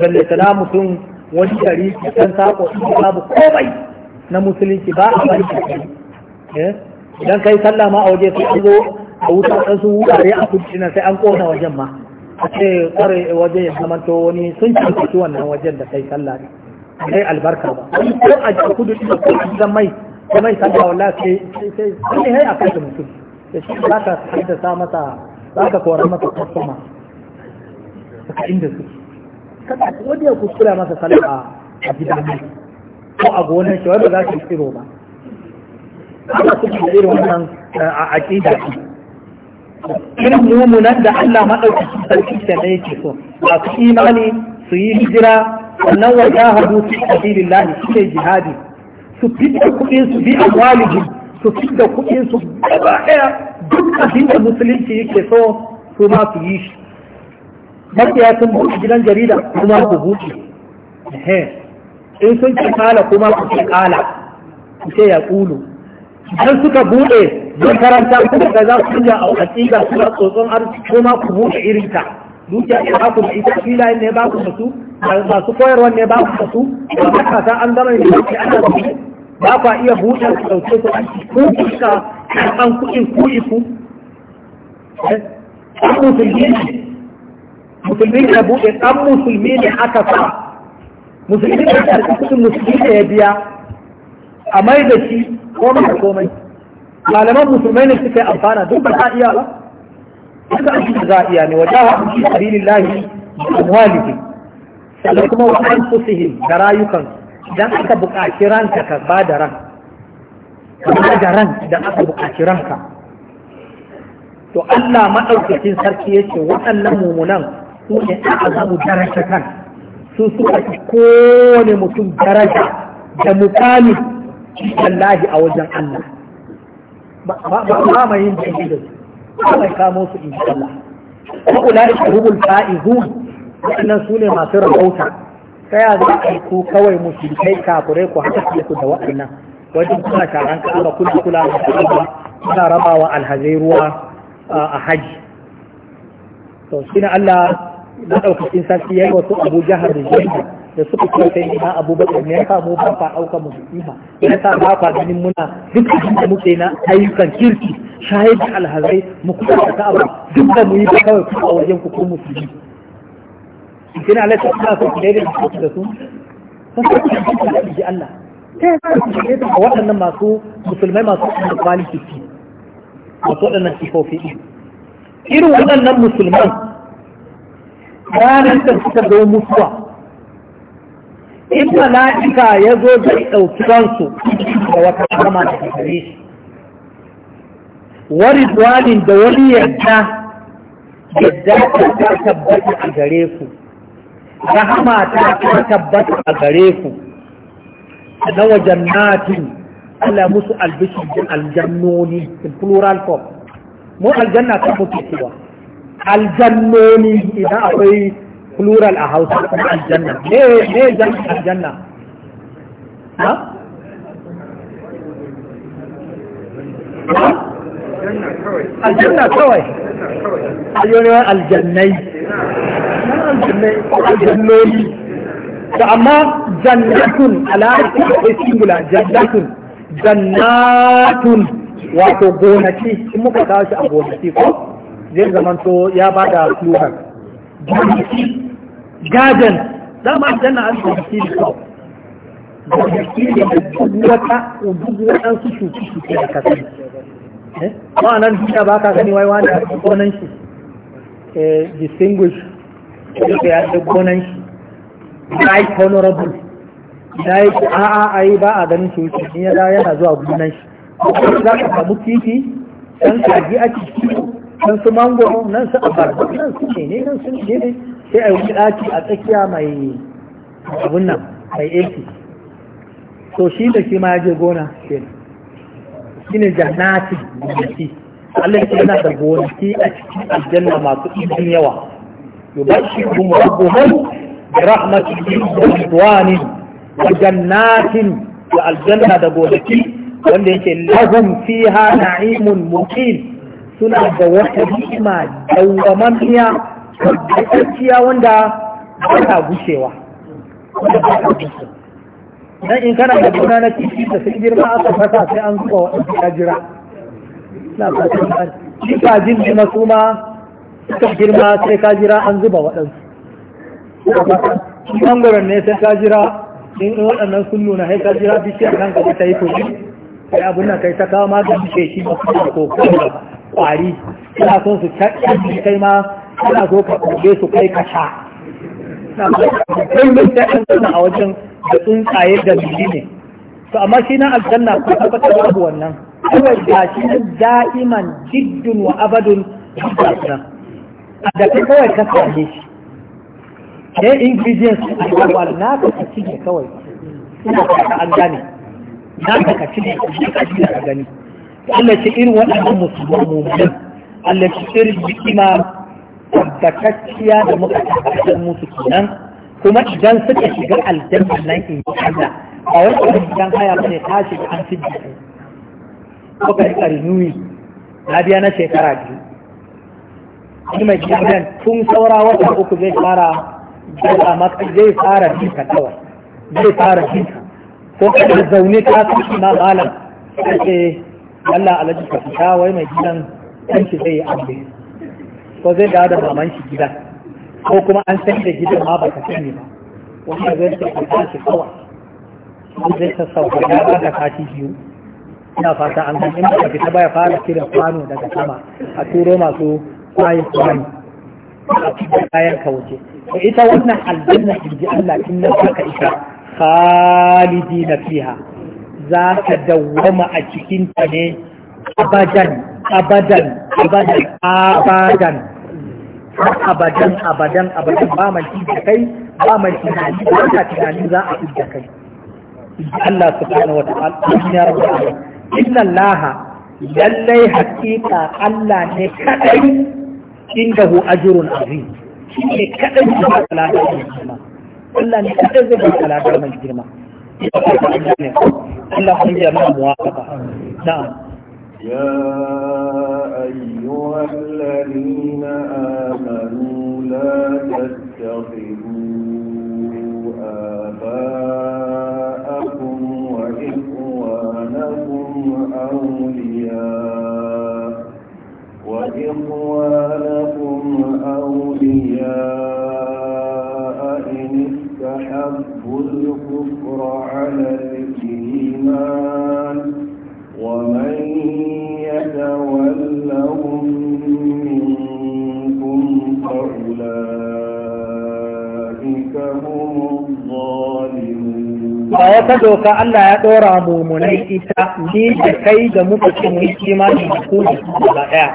Speaker 1: balle sana mutum wani gari kan sako in babu komai na musulunci ba a bari eh? idan kai sallah ma a waje sai an zo a wuta dan su wurare a kudi nan sai an ƙona wajen ma a ce kware waje ya to wani sun ci wannan wajen da kai sallah ne
Speaker 2: sai albarka ba ko a kudu da kudin
Speaker 1: mai ko mai sanda wallahi sai sai sai sai a kai da mutum da shi za ka haddasa mata za ka koran masa kwastoma daga inda su kada wani ya kuskura masa sallah a gidan ko a gonar shi wanda za su tsiro ba ana su da irin wannan eh, a aƙida irin mumunan da Allah maɗaukaki sarki da yake so su imani su yi hijira sannan wa jahadu fi sabilillah shi ne jihadi su fita kuɗin su bi walijin su fita kuɗin su gaba ɗaya duk abin da musulunci yake so su ma su yi shi makiya sun buɗe gidan jarida kuma ku buɗe in sun ci kala kuma ku ci kala ku ce ya ƙulu idan suka buɗe makaranta kuma ga za su yi a hakika suna tsotson arziki kuma ku buɗe irinta dukiya ne ba ku da ita filayen ne ba ku da su masu koyarwa ne ba ku da su da an zama ne ba ku da ba kwa iya buɗe ku ɗauke ku a ku kuka karɓan kuɗin ku iku eh, ɗan musulmi ne musulmi ne buɗe ɗan musulmi ne aka sa musulmi ne da kuɗin musulmi ne ya biya a mai da shi komai da komai malaman musulmai ne suka yi amfana duk ba ta iya ba duka an za a iya ne wa haɗin shi sabilillahi da amwalihim sannan kuma wa an fusihin da rayukansu idan aka buƙaci ranka ka ba da ran ka ba da ran da aka buƙaci ranka to Allah maɗaukacin sarki ya ce waɗannan mumunan su ne a azabu daraja kan su suka ci kowane mutum daraja da mukami wallahi a wajen Allah ba ma yin jiki da su ba mai kamo su in Allah wa ula'ika hubul fa'izun waɗannan su ne masu rahota ta ya za a ku kawai musulmai kafirai ku haɗa ku da waɗannan wajen kuna taron kaba kula kula da kula, kuna rabawa alhazai ruwa a haji to shi na Allah maɗaukakin sarki ya yi wasu abu jihar da jirgin da suka ce sai ina abubakar ne ya sa mu ba fa ɗauka mu ima ya sa ba fa ganin muna duk abin da muke na ayyukan kirki shahid alhazai mu kuma ta abu duk da mu yi ba kawai ku a wajen ku ko musulmi kina halatta kuna so ku daidai da su sun sa kuma da ji Allah ta yi sa ku da waɗannan masu musulmai masu da kwaliki ci masu waɗannan sifofi irin waɗannan musulman ranar da suka zo mutuwa in mala'ika ya zo zai ɗauki ransu da wata kama da kare shi Wani waridwanin da wani yadda
Speaker 3: yadda ta
Speaker 1: tabbata a gare ku rahama ta ta tabbata a gare ku na wajen natin Allah musu albishin jin aljannoni in plural form mu aljanna ta muke cewa aljannoni idan akwai plural a hausa kuma aljanna ne ne zan aljanna ha
Speaker 3: aljanna kawai aljanna
Speaker 1: kawai aljannai jannoni da amma jannatun ala larabci akwai singula jannatun jannatun wato gonaki in muka kawo shi a gonaki ko zai zamanto ya ba da fluhan gonaki gaden dama janna an gonaki da kawo gonaki da duk wata duk waɗansu shuke-shuke a kasance eh? ma'anar duniya ba ka gani wai wani a gonan shi eh, distinguish duka ya ce gonan shi ya yi honorable ya yi ce a a yi ba a ganin shi wuce in yana yana zuwa gonan shi za ka samu kifi san kaji a ciki san su mangoro nan su abarba nan su ne ne nan su ne ne sai a yi wuce ɗaki a tsakiya mai abun nan mai aiki, to shi da shi ma ya je gona shi ne ne jannatin gonaki Allah yana da gonaki a cikin aljanna masu ɗimbin yawa يبشرهم ربهم برحمة ورضوان وجنات والجنة دبولتي wanda yake lahum fiha na'imun muqim suna da wata ni'ima dawwamammiya tabbatacciya wanda ba ta gushewa dan in kana da gona na kishi da sun girma aka fasa sai an zuwa wata jira na fatan ba ne masu ma ta girma sai ka jira an zuba waɗansu ɓangaren ne sai ka jira in waɗannan sun nuna sai ka jira bishiyar nan gaba ta yi tobi sai abin nan kai ta kawo da ke shi ba kuma ko kuma ƙwari ina son su kyakkyan kai ma ina so ka koge su kai ka sha kai mun sai ɗan suna a wajen da tsuntsaye da biyu ne to amma shi na aljanna ko ka fata babu wannan kawai ga shi da'iman jiddun wa abadun da da kawai ka same shi ne ingredients a yawa na ka ka cike kawai suna ka an gane na ka ka cike ka ji ka gani Allah ce irin waɗannan musulman mu'min Allah ce irin bikima tabbatacciya da muka tabbatar musu kenan kuma idan suka shiga aljanna nan in Allah a wani idan haya ne ta shiga an fi da kuka yi ka rika na biya na shekara biyu kuma gidan tun saura wata uku zai fara jira maka zai fara jika kawai
Speaker 2: zai fara jika
Speaker 1: ko kada zaune ka kashi na malam sai Allah alaji ka fita wai mai gidan shi zai yi abu ko zai dawo da maman shi gidan ko kuma an san da gidan ma baka sani ba wanda zai ta ka shi kawai zai ta sauka ya baka kashi biyu ina fata an gani in ka fita baya fara kiran kwano daga sama a turo masu kwaye kwaye a cikin kayan ka wuce ita wannan aljanna in ji Allah in na saka ita khalidi na fiha za ka dawwama a cikin ta ne abadan abadan abadan abadan abadan abadan abadan ba mai ci da kai ba mai tunani ba ka tunani za a fi da kai Allah subhanahu wa ta'ala ya rabu inna Allah lallai haqiqa Allah ne kadai عنده أجر عظيم شيني كأذي بقى لا دعم الجرمة ألا نكأذي بقى لا دعم الجرمة ألا حمي ما مواقبة
Speaker 2: نعم يا أيها الذين آمنوا لا تتخذوا آباءكم وإخوانكم أولياء وإخوانكم الكفر على الإيمان ومن يتولهم منكم فأولئك هم الظالمون
Speaker 1: ta doka Allah ya ɗora mummunai ita ni da kai da muka ce mu yi imani da ku da ba ɗaya.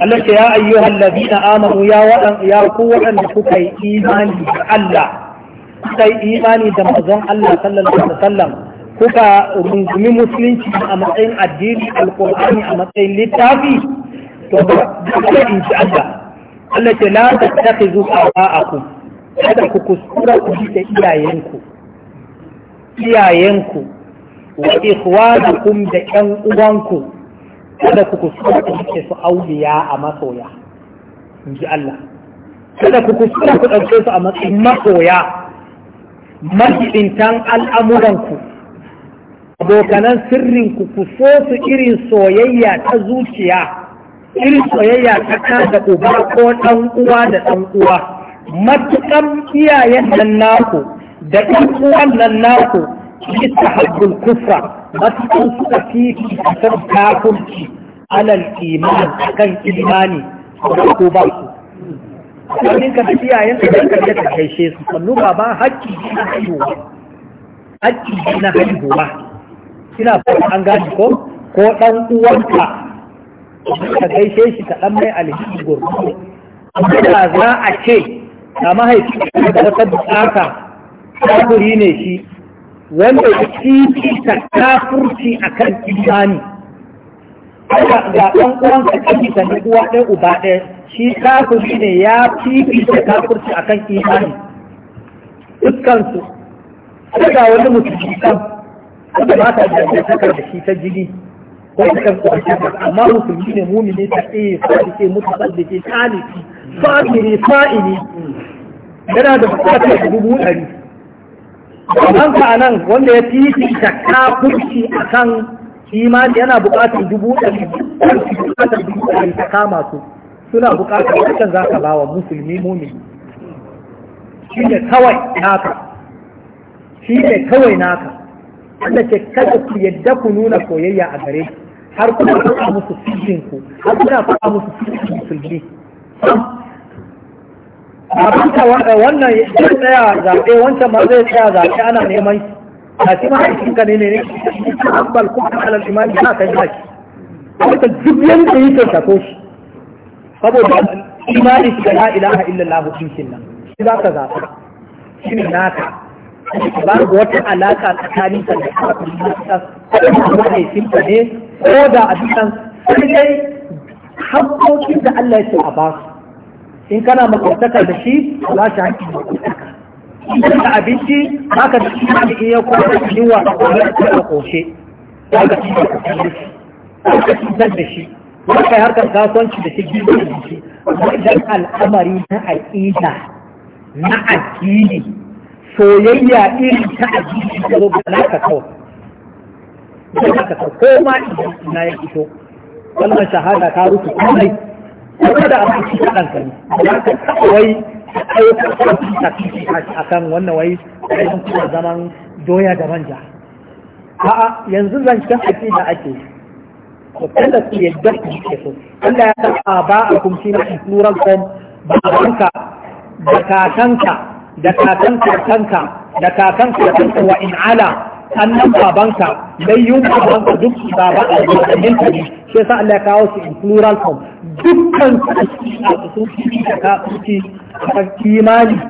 Speaker 1: Allah ce ya ayyuhan ladina amanu ya waɗan ya ku waɗanda kuka yi imani da Allah kuka yi imani da mazan Allah sallallahu alaihi wasallam kuka rungumi musulunci a matsayin addini alqur'ani a matsayin littafi to ba in ji Allah Allah ce la a ku kada ku kuskura ku bi da iyayenku iyayenku wa ikhwanakum da ƴan uwanku kada ku kuskura ku ji su auliya a masoya in ji Allah kada ku kuskura ku ɗauke su a matsayin masoya mahiɗintan al'amuranku abokanan sirrinku ku so su irin soyayya ta zuciya irin soyayya ta kada uba ko ɗan uwa da ɗan uwa matuƙan iyayen nan naku da ɗan uwan nan naku bisa haɗin kufra matuƙan suka fifi a kan alal iman akan imani ko ba ku. domin ka da iyayen da ka je ka gaishe su sannu baba hakki na haihuwa hakki na haihuwa ina fata an gani ko ko dan uwanka ka gaishe shi ka dan mai alhiji gurbi amma za a ce na mahaifi da wata bukata kafiri ne shi wanda shi ta kafurci akan imani ga ɗan uwanka kaji ta uwa ɗaya uba ɗaya shi shi ne ya fifita kafirci akan imani dukkansu sai ga wani mutum kan wanda ba ta jirgin takar da shi ta jini ko ta kan kwanci amma shi ne mumi ne ta ko da ke mutu ke talifi fa'ili fa'ili yana da bukatar dubu ɗari Wannan ka nan wanda ya fifita kafirci akan imani yana bukatar dubu ɗari bukatar dubu ɗari ta kama su suna bukatar wancan za ka bawa musulmi mumini
Speaker 3: shi ne kawai
Speaker 1: naka shi ne kawai naka wanda ke kada ku yadda ku nuna soyayya a gare har kuna faɗa musu sirrin ku har kuna faɗa musu sirrin musulmi abin ta wannan ya tsaya zaɓe wancan ma zai tsaya zaɓe ana neman shi a cikin haifin ka ne ne ne ambal kuma alal imani ya kai zaki wata duk da yi shafo shi saboda imani su da la ilaha illallah din kin nan shi za ka zaɓa shi ne naka babu wata alaka tsakanin ka da mahaifinka ne ko da a dukkan sai dai haƙoƙin da Allah ya ce a ba su in kana makwabtaka da shi za shi haƙƙin makwabtaka in da abinci ba ka da shi ma ne iya kwanar da yiwa a kwanar da ƙoshe Ba ka ci da shi wani kai harkar kasuwanci da shi gina da jiki wajen al'amari na aƙida na addini soyayya irin ta addini da zo ba naka kawai ko ma ina ya fito wannan shahada ta rufe komai kuma da abin shi kaɗan ka ne ba ka taɓa wai ayyukan kwanci ta fi a kan wannan wai ayyukan kuma zaman doya da manja a'a yanzu zancen aƙida ake yi. kada su yadda su jike su Allah ya saka ba a kumshi na insuran kom ba kanka da kakanka da kakanka kanka da kakanka kanka wa in ala annan babanka layyun babanka duk ba a jirgin ka ne shi yasa Allah ya kawo su in plural form dukkan su a su shi da ka kuci a kimani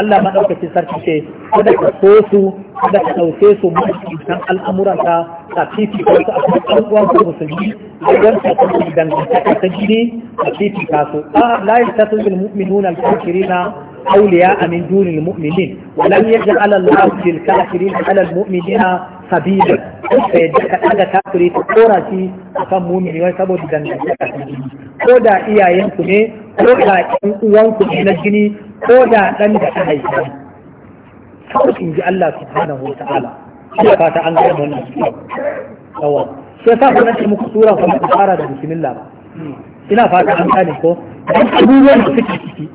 Speaker 1: Allah madaukakin sarki ce kada ka so su kada ka ɗauke su mutuntan al'amuran ka a fifita su a cikin ɗan'uwan su musulmi idan ka san dangantaka ta gini a fifita su a layin ta sun bil mu'minuna al-kafirina awliya min dunil mu'minin wa lam yaj'al Allahu lil kafirina 'ala al-mu'minina sabila ka yadda ka ɗaga kafiri ta kora shi akan mu'mini wai saboda dangantaka ta gini ko da iyayenku ne ko da ɗan uwanku ne na gini ko da ɗan da ta haifa kawai in ji Allah subhanahu wa ta'ala ina fata an gane wannan yawa sai sa kuma ce muku sura kuma ku fara da bismillah ba ina fata an gane ko dan abubuwan da suke ciki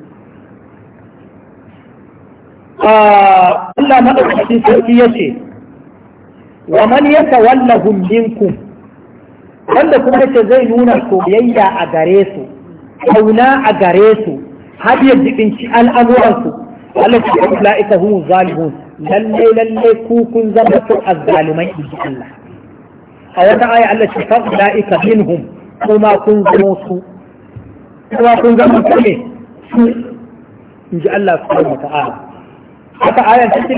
Speaker 1: ah, Allah madaukakin sarki yace wa man yatawallahum minkum wanda kuma yace zai nuna soyayya a gare su kauna a gare su har ya jibinci al'amuransu Allah ta kuma la'ika hu zalimun lalle lalle ku kun zama su azzalimai in ji Allah a wata aya Allah ta fa la'ika minhum kuma kun zama su kuma kun zama su ne su in ji Allah subhanahu wata'ala haka ayan ta ce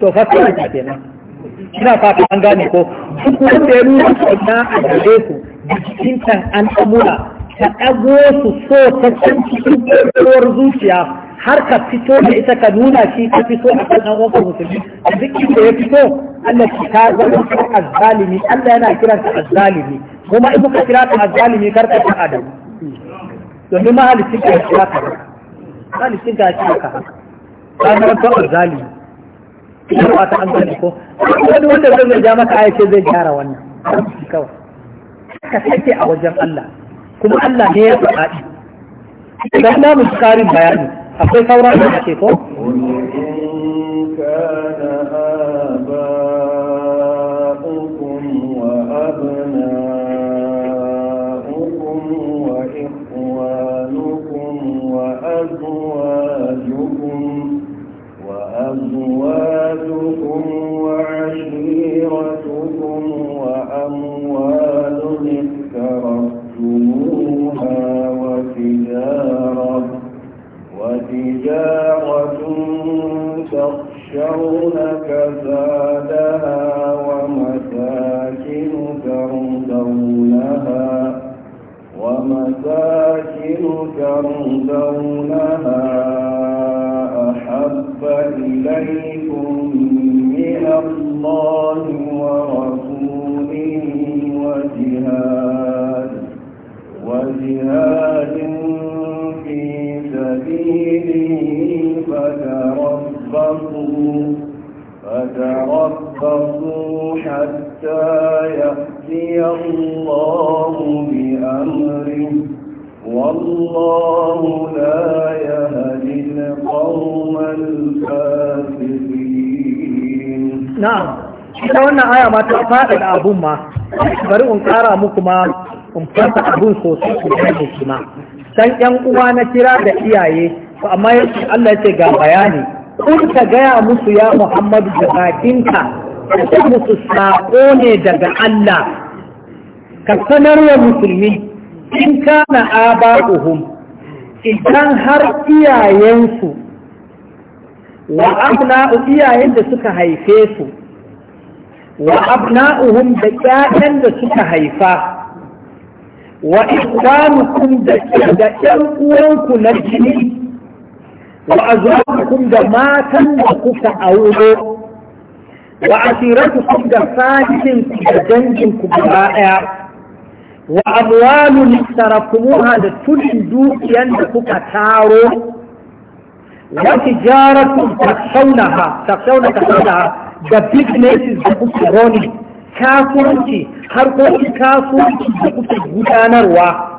Speaker 1: to fasara ta kenan ina fata an gane ko duk wanda ya nuna na a gare su jikin kan an amura ta ɗago su so ta canci cikin zuciya har ka fito da ita ka nuna shi ka fito a kan ɗan uwanka musulmi a duk inda ya fito Allah ki ka zama ka azzalimi Allah yana kiran ka azzalimi kuma in muka kira ka azzalimi kar ka ta adam domin mahalicin ka ya kira ka mahalicin ka ya kira ka ka zama ka azzalimi ina ba ta an gane ko wani wanda zai ja maka aya zai gyara wannan kawai ka sake a wajen Allah kuma Allah ne ya faɗa idan na mu bayani أقول ثورة من أشيكو
Speaker 2: كان آباؤكم وأبناؤكم وإخوانكم وأزواجكم وأزواجكم تجارة تخشون كفادها ومساكن ترضونها ومساكن ترضونها أحب إليكم من الله ورسوله وجهاد وجهاد فتربصوا حتى يأتي الله بأمره والله لا يهدي القوم الفاسقين
Speaker 1: نعم ita wannan aya ma ta faɗa da abun ma bari in ƙara muku ma in fata abun sosai ku gane shi ma san ƴan uwa na kira da iyaye to amma Allah ya ce ga bayani kun ka gaya musu ya Muhammadu da bakinka ka musu saƙo ne daga Allah ka sanar sanarwa musulmi in kana aba'uhum idan har iyayensu wa abna'u iyayen da suka haife su wa abna'uhum da ƴaƴan da suka haifa wa ikwanukum da ƙyar uwanku na jini wa azwajukum da matan da kuka auro wa asiratukum da fatin ku da dangin ku gaba daya wa amwalun tarakumuha da tudin dukiyan da kuka taro wa tijaratun takshawnaha takshawna da businesses da kuka roni kasuwanci harkokin kasuwanci da kuka gudanarwa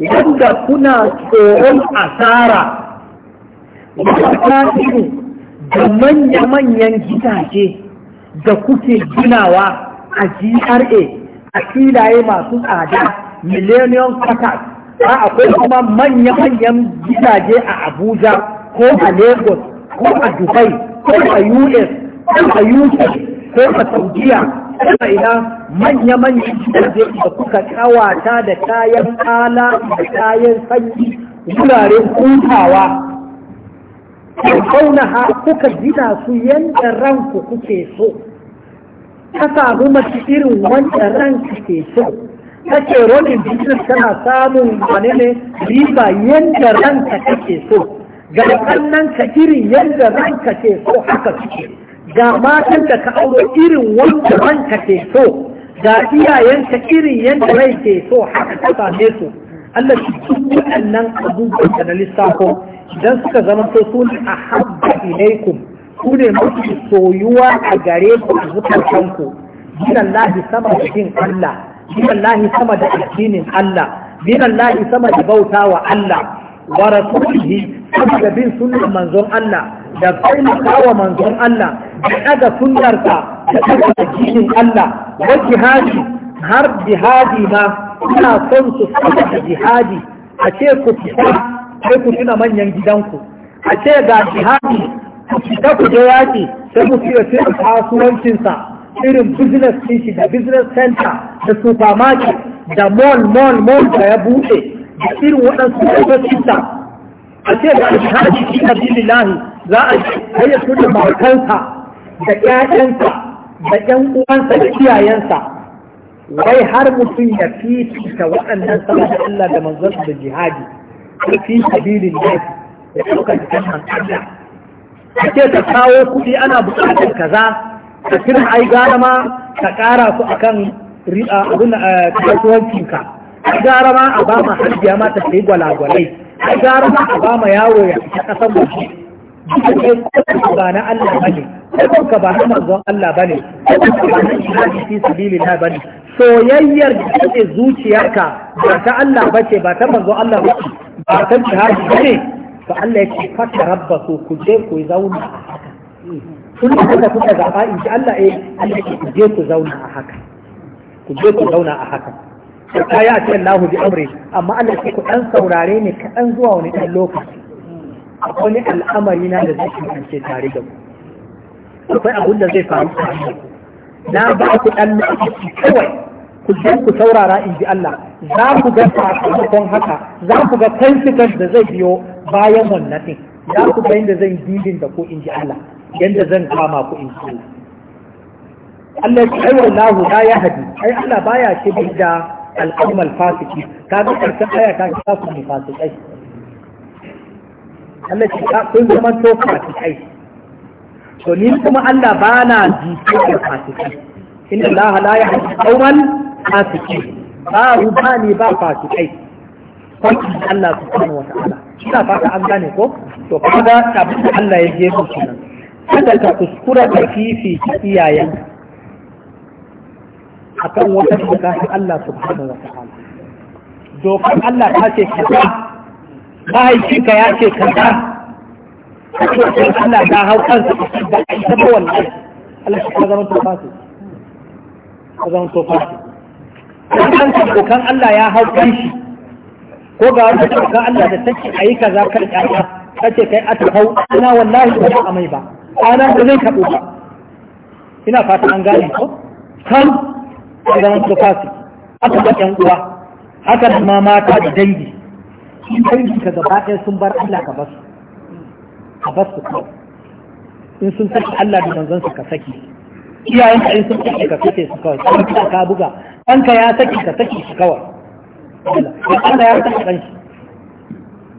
Speaker 1: wanda kuna tsoron asara makasiru da manya-manyan gidaje da kuke ginawa a GRA a filaye masu tsada millennium quarters a akwai kuma manya-manyan gidaje a Abuja ko a Lagos ko a Dubai ko a US ko a UK ko a Saudiya ko ina manya-manyan gidaje da kuka kawata da kayan kala da kayan sanyi wuraren hutawa ha kuka gina su yanda ranku kuke so ka samu mace irin wanda ranka ke so kake rolin bisir tana samun wane ne riba yanda ranka kake so ga kannan ka irin yanda ranka ke so haka suke ga matan ka auro irin wanda ranka ke so ga ka irin yanda rai ke so haka ka same su Allah shi duk waɗannan abubuwan da na lissafo idan suka zama to ne a habba ilaikum su ne mafi soyuwa a gare ku a zukatanku binan lahi sama da jin Allah binan lahi sama da addinin Allah lahi sama da bauta Allah wa rasulihi manzon Allah da taimaka wa manzon Allah da ɗaga sunnarsa da daga jikin Allah wa jihadi har jihadi ma ina son su fada jihadi a ce ku fita sai ku tuna manyan gidanku a ce ga jihadi ku fita ku je yaƙi sai ku fiye su kasuwancinsa irin business din shi da business center da supermarket da mall mall mall da ya buɗe da irin waɗansu ofisista a ce da jihadi, shi na za a hayyace da matansa da 'ya'yansa, da ƴan uwansa da iyayensa wai har mutum ya fi fifita waɗannan saboda Allah da manzon da jihadi ko fi sabilin lahi da ɗaukar jikin Allah a ce ka kawo kuɗi ana buƙatar kaza ka tuna ai gara ma ka ƙara su akan abin eh, kasuwancinka ai gara ma a ba ma hajjiya ma ta sai gwalagwalai ai gara ma a ba ma yawo ya fita ƙasan waje ba na Allah bane ko ba na manzon Allah bane ko ba na jihadi fi sabilillah bane soyayyar da take zuciyarka ba ta Allah bace ba ta manzo Allah ce ba ta jihadi ne to Allah yake fata rabba ku je ku zauna a haka tun da kuka zaɓa in ji Allah eh, ya Allah yake ku je ku zauna a haka ku je ku zauna a haka ta ya ce Allahu bi amri amma Allah ya ku ɗan saurare ne kaɗan zuwa wani ɗan lokaci akwai al'amari na da zai kasance tare da ku akwai abin da zai faru a da ku na ba ku ɗan lokaci kawai ku je ku saurara in ji Allah za ku ga sakamakon haka za ku ga kansikan da zai biyo bayan wannan din za ku ga yadda zan didin da ku in ji Allah yadda zan kama ku in ji Allah Allah ya ai wallahu la yahdi ai Allah baya shiri da al-qawm al-fasiki kaga karshen aya ta kisa su ne fasikai Allah ya ka kun zama to fasikai to ni kuma Allah bana jiki da fasikai inna Allah la yahdi qawman fasiki ba rubani ba fasikai kwanci Allah su subhanahu wa ala. ina fata an gane ko to kaga abin da Allah ya je su kenan kada ka kuskura ka iyayen a kan wata bukatar Allah su subhanahu wata ala dokar Allah ta ce kaza mahaifinka ya ce kaza kasance Allah ta hau kansa da ita ba wannan Allah ta zama tofasi ta zama tofasi kan dokan Allah ya hau kan ko ga wata dokan Allah da take a yi kaza kar ƙasa kace kai a hau Ina wallahi ba a mai ba ana ba zai taɓo ba ina fata an gane ko kan idan su fasi aka ga ƴan uwa haka da ma mata da dangi dangi ka gaba ɗaya sun bar Allah ka basu ka basu ko in sun saki Allah da manzon su ka saki iyayen ka in sun sake ka kake su kawai kan kika ka buga kanka ya sake ka sake shi kawai Allah ya sake ɗan shi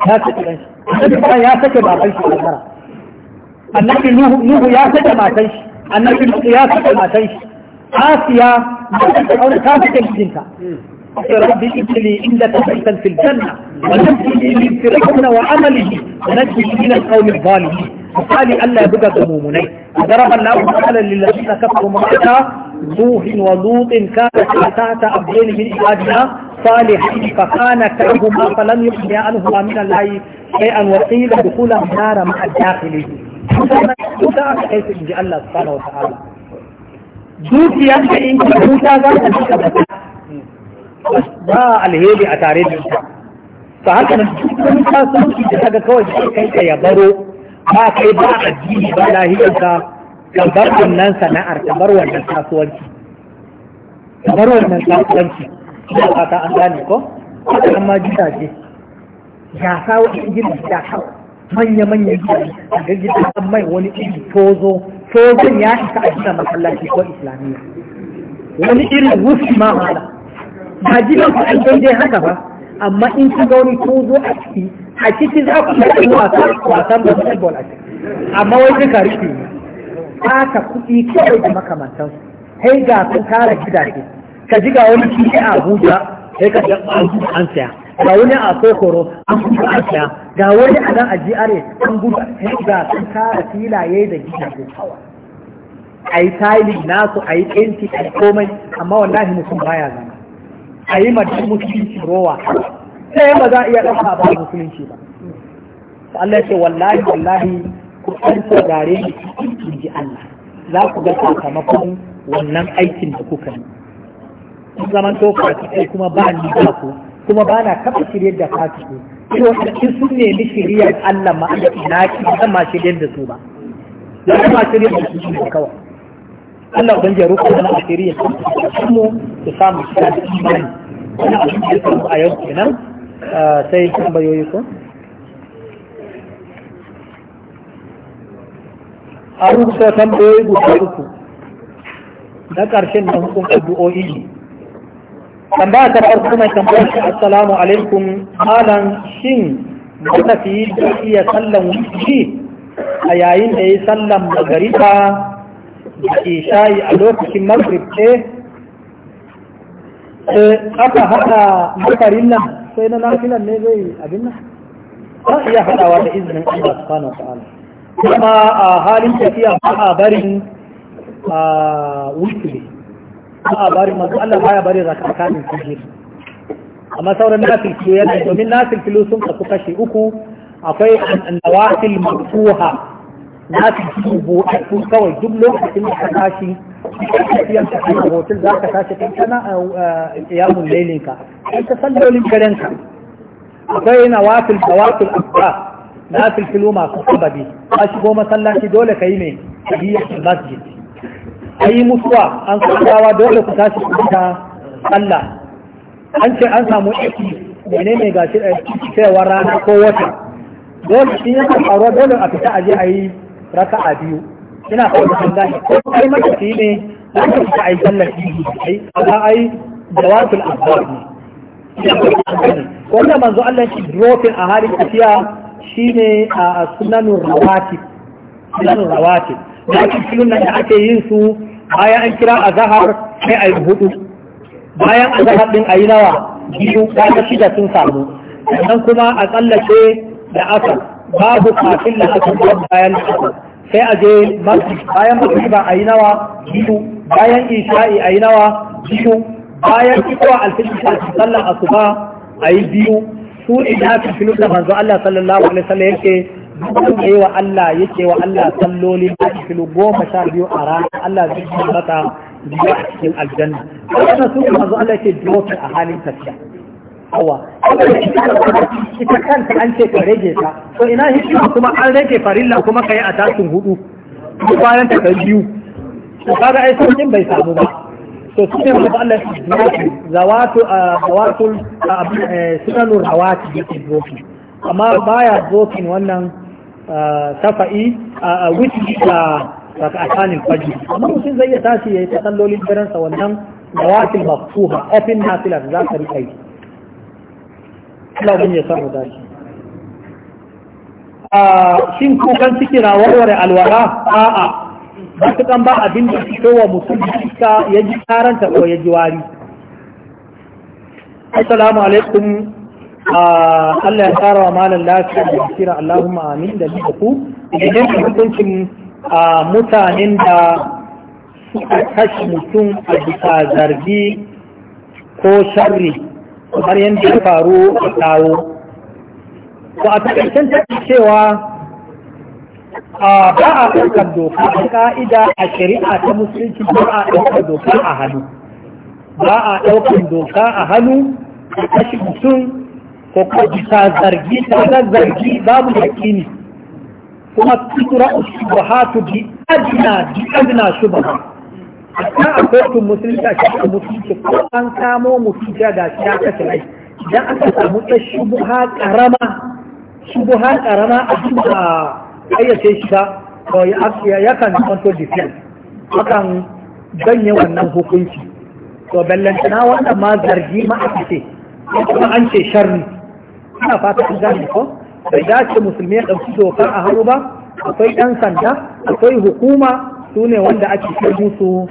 Speaker 1: ya sake ɗan shi ya sake baban shi a mara annabi nuhu ya sake matan shi annabi nuhu ya sake matan shi asiya ta sake mijinta hmm. رب ابني إنك بيتا في الجنة ونجني من فرعون وعمله ونجني من القوم الظالمين وقال ألا يبقى ذمومني وضرب الله تعالى للذين كفروا مرأتا نوح ولوط كانت تحت أبدين من عبادنا صالحين فكان كرهما فلم يغني عنهما من الله شيئا وقيل دخول النار مع الداخلين كيف إن الله سبحانه وتعالى أنت إن كنت ba alheri a tare da ita To haka nan dukkan kasuwanci da kaga kawai da kai ka ya baro ba kai ba addini ba lahiyarka ka bar wannan sana'ar ka bar wannan kasuwanci ka bar wannan kasuwanci ina fata an gane ko haka nan ma gidaje ya sa wani gidan gida kawai manya-manyan gidaje a ga an mai wani iri tozo tozon ya isa a gina masallaci ko islamiyya wani irin wusi ma hala. ba jiran ku an daidai haka ba amma in ka ga wani tozo a ciki a ciki za ku yi wasan wasan basketball a ciki amma wai duka rufe ne aka kuɗi kawai da makamantan hai ga sun kara gidaje ka ji ga wani kiki a Abuja sai ka ga an saya ga wani a Sokoro an gudu an saya ga wani a nan a GRA an gudu hai ga sun kara filaye da gidaje kawai a yi tayili nasu a yi tsinci a komai amma wallahi mutum baya zama a yi mace musulunci rowa sai ba za a iya ɗauka ba musulunci ba Allah ya ce wallahi wallahi ku san saurare ni in ji Allah za ku ga sakamakon wannan aikin da kuka yi kun zaman to fasikai kuma ba ni ba ku kuma ba na kafa shiryar da fasikai to in sun nemi shiryar Allah ma Allah ina ki zama shiryar da su ba zama shiryar da su ne kawai Allah ban ya rufe na asiri ya samu su samu shi da imani wani abin da ya a yau kenan ah, sai tambayoyi ko a rubuta tambayoyi guda uku na ƙarshen da hukun addu'o'i ne tambaya ta farko mai tambayar shi assalamu alaikum halan shin matafiyi da iya sallan wuce a yayin da ya yi sallan magariba ishayi a lokacin maghrib ce aka haɗa makarin nan sai na nafilan ne zai abin nan ba iya haɗawa da izinin Allah subhanahu wa ta'ala kuma a halin tafiya ba a barin a wutuli ba a barin masu Allah ba ya bari zakakanin fijir amma sauran filo yana domin filo sun kasu kashi uku akwai an nawafil maktuha na fi cikin buɗaɗɗu kawai duk lokacin da ka tashi tafiyar ka kan hotel za ka tashi kan kana eh, eh, yamun lailin ka kan ta sallolin karen ka akwai na wafil da wafil abba na filfilo masu sababi ka shigo masallaci dole ka yi mai tahiyyar masjid a yi mutuwa an kasawa dole ku tashi ku ta sallah an ce an samu aiki mene ne gashi a eh, cewar rana ko wata dole in yi faruwa dole a fita aje a yi Raka a biyu ina kawai an gane ko kai matafi ne za ka fita ai sallar biyu ai amma ai jawatul asbab ne wanda manzo Allah shi dropping a halin tafiya shine a sunanun rawatib sunanun rawatib da ake filin nan da ake yin su bayan an kira a zahar sai a yi hudu bayan a zahar din a yi nawa biyu kwana shida sun samu sannan kuma a tsallace da asar babu kafin da aka zuwa bayan sai a je bayan magriba a yi nawa biyu bayan isha'i a yi nawa biyu bayan ikowa alfijir ta sallar asuba a yi biyu su ina fi filin da manzo Allah sallallahu alaihi wasallam yake duk da yi wa Allah yake wa Allah salloli a filu goma sha biyu a rana Allah zai mata biyu a cikin aljanna wannan su manzo Allah yake dokin a halin tafiya hawa ita kanta an ce ka rage ta to ina hikima kuma an rage farilla kuma ka yi a tasin hudu ko bayan ta kai biyu to kaga ai sun bai samu ba to su ne ba Allah ya zuwa zawatu a eh, sunanur rawati yake zofi amma baya zokin wannan tafai a wuce da asanin faji amma mutum zai iya tashi ya yi ta sallolin daren sa wannan zawatul maftuha ofin nasilar za ka riƙa Allah bin ya samu dace a ah, shin kukan ciki na warware a'a matukan ba abin da su kowa mutum iska ya ji karanta ko ya ji wari assalamu alaikum ah, Allah ya tsara wa malam lafiya da kira Allahumma amin da ku idan hukuncin ah, mutanen da suka kashe mutum a bisa zargi ko sharri kamar yadda ya faru a kawo ko a takaicen tafi cewa a ba a ɗaukar doka a ƙa'ida a shari'a ta musulunci ba a ɗaukar doka a hannu ba a ɗaukar doka a hannu a kashe mutum ko kaji ta zargi ta zargi babu yakini kuma tutura ushubahatu bi adna bi adna shubaha ta a kotun musulunci a cikin musulunci ko an samo musulunci ga shi ya kashe rai idan aka samu ta shubuha karama shubuha karama a cikin a ayyace shi ta ya kan kanto defense akan ganye wannan hukunci to na wanda ma zargi ma a fice kuma an ce sharri ina fata an gane ko bai dace musulmi ya ɗauki dokar a hannu ba akwai ɗan sanda akwai hukuma su ne wanda ake kai musu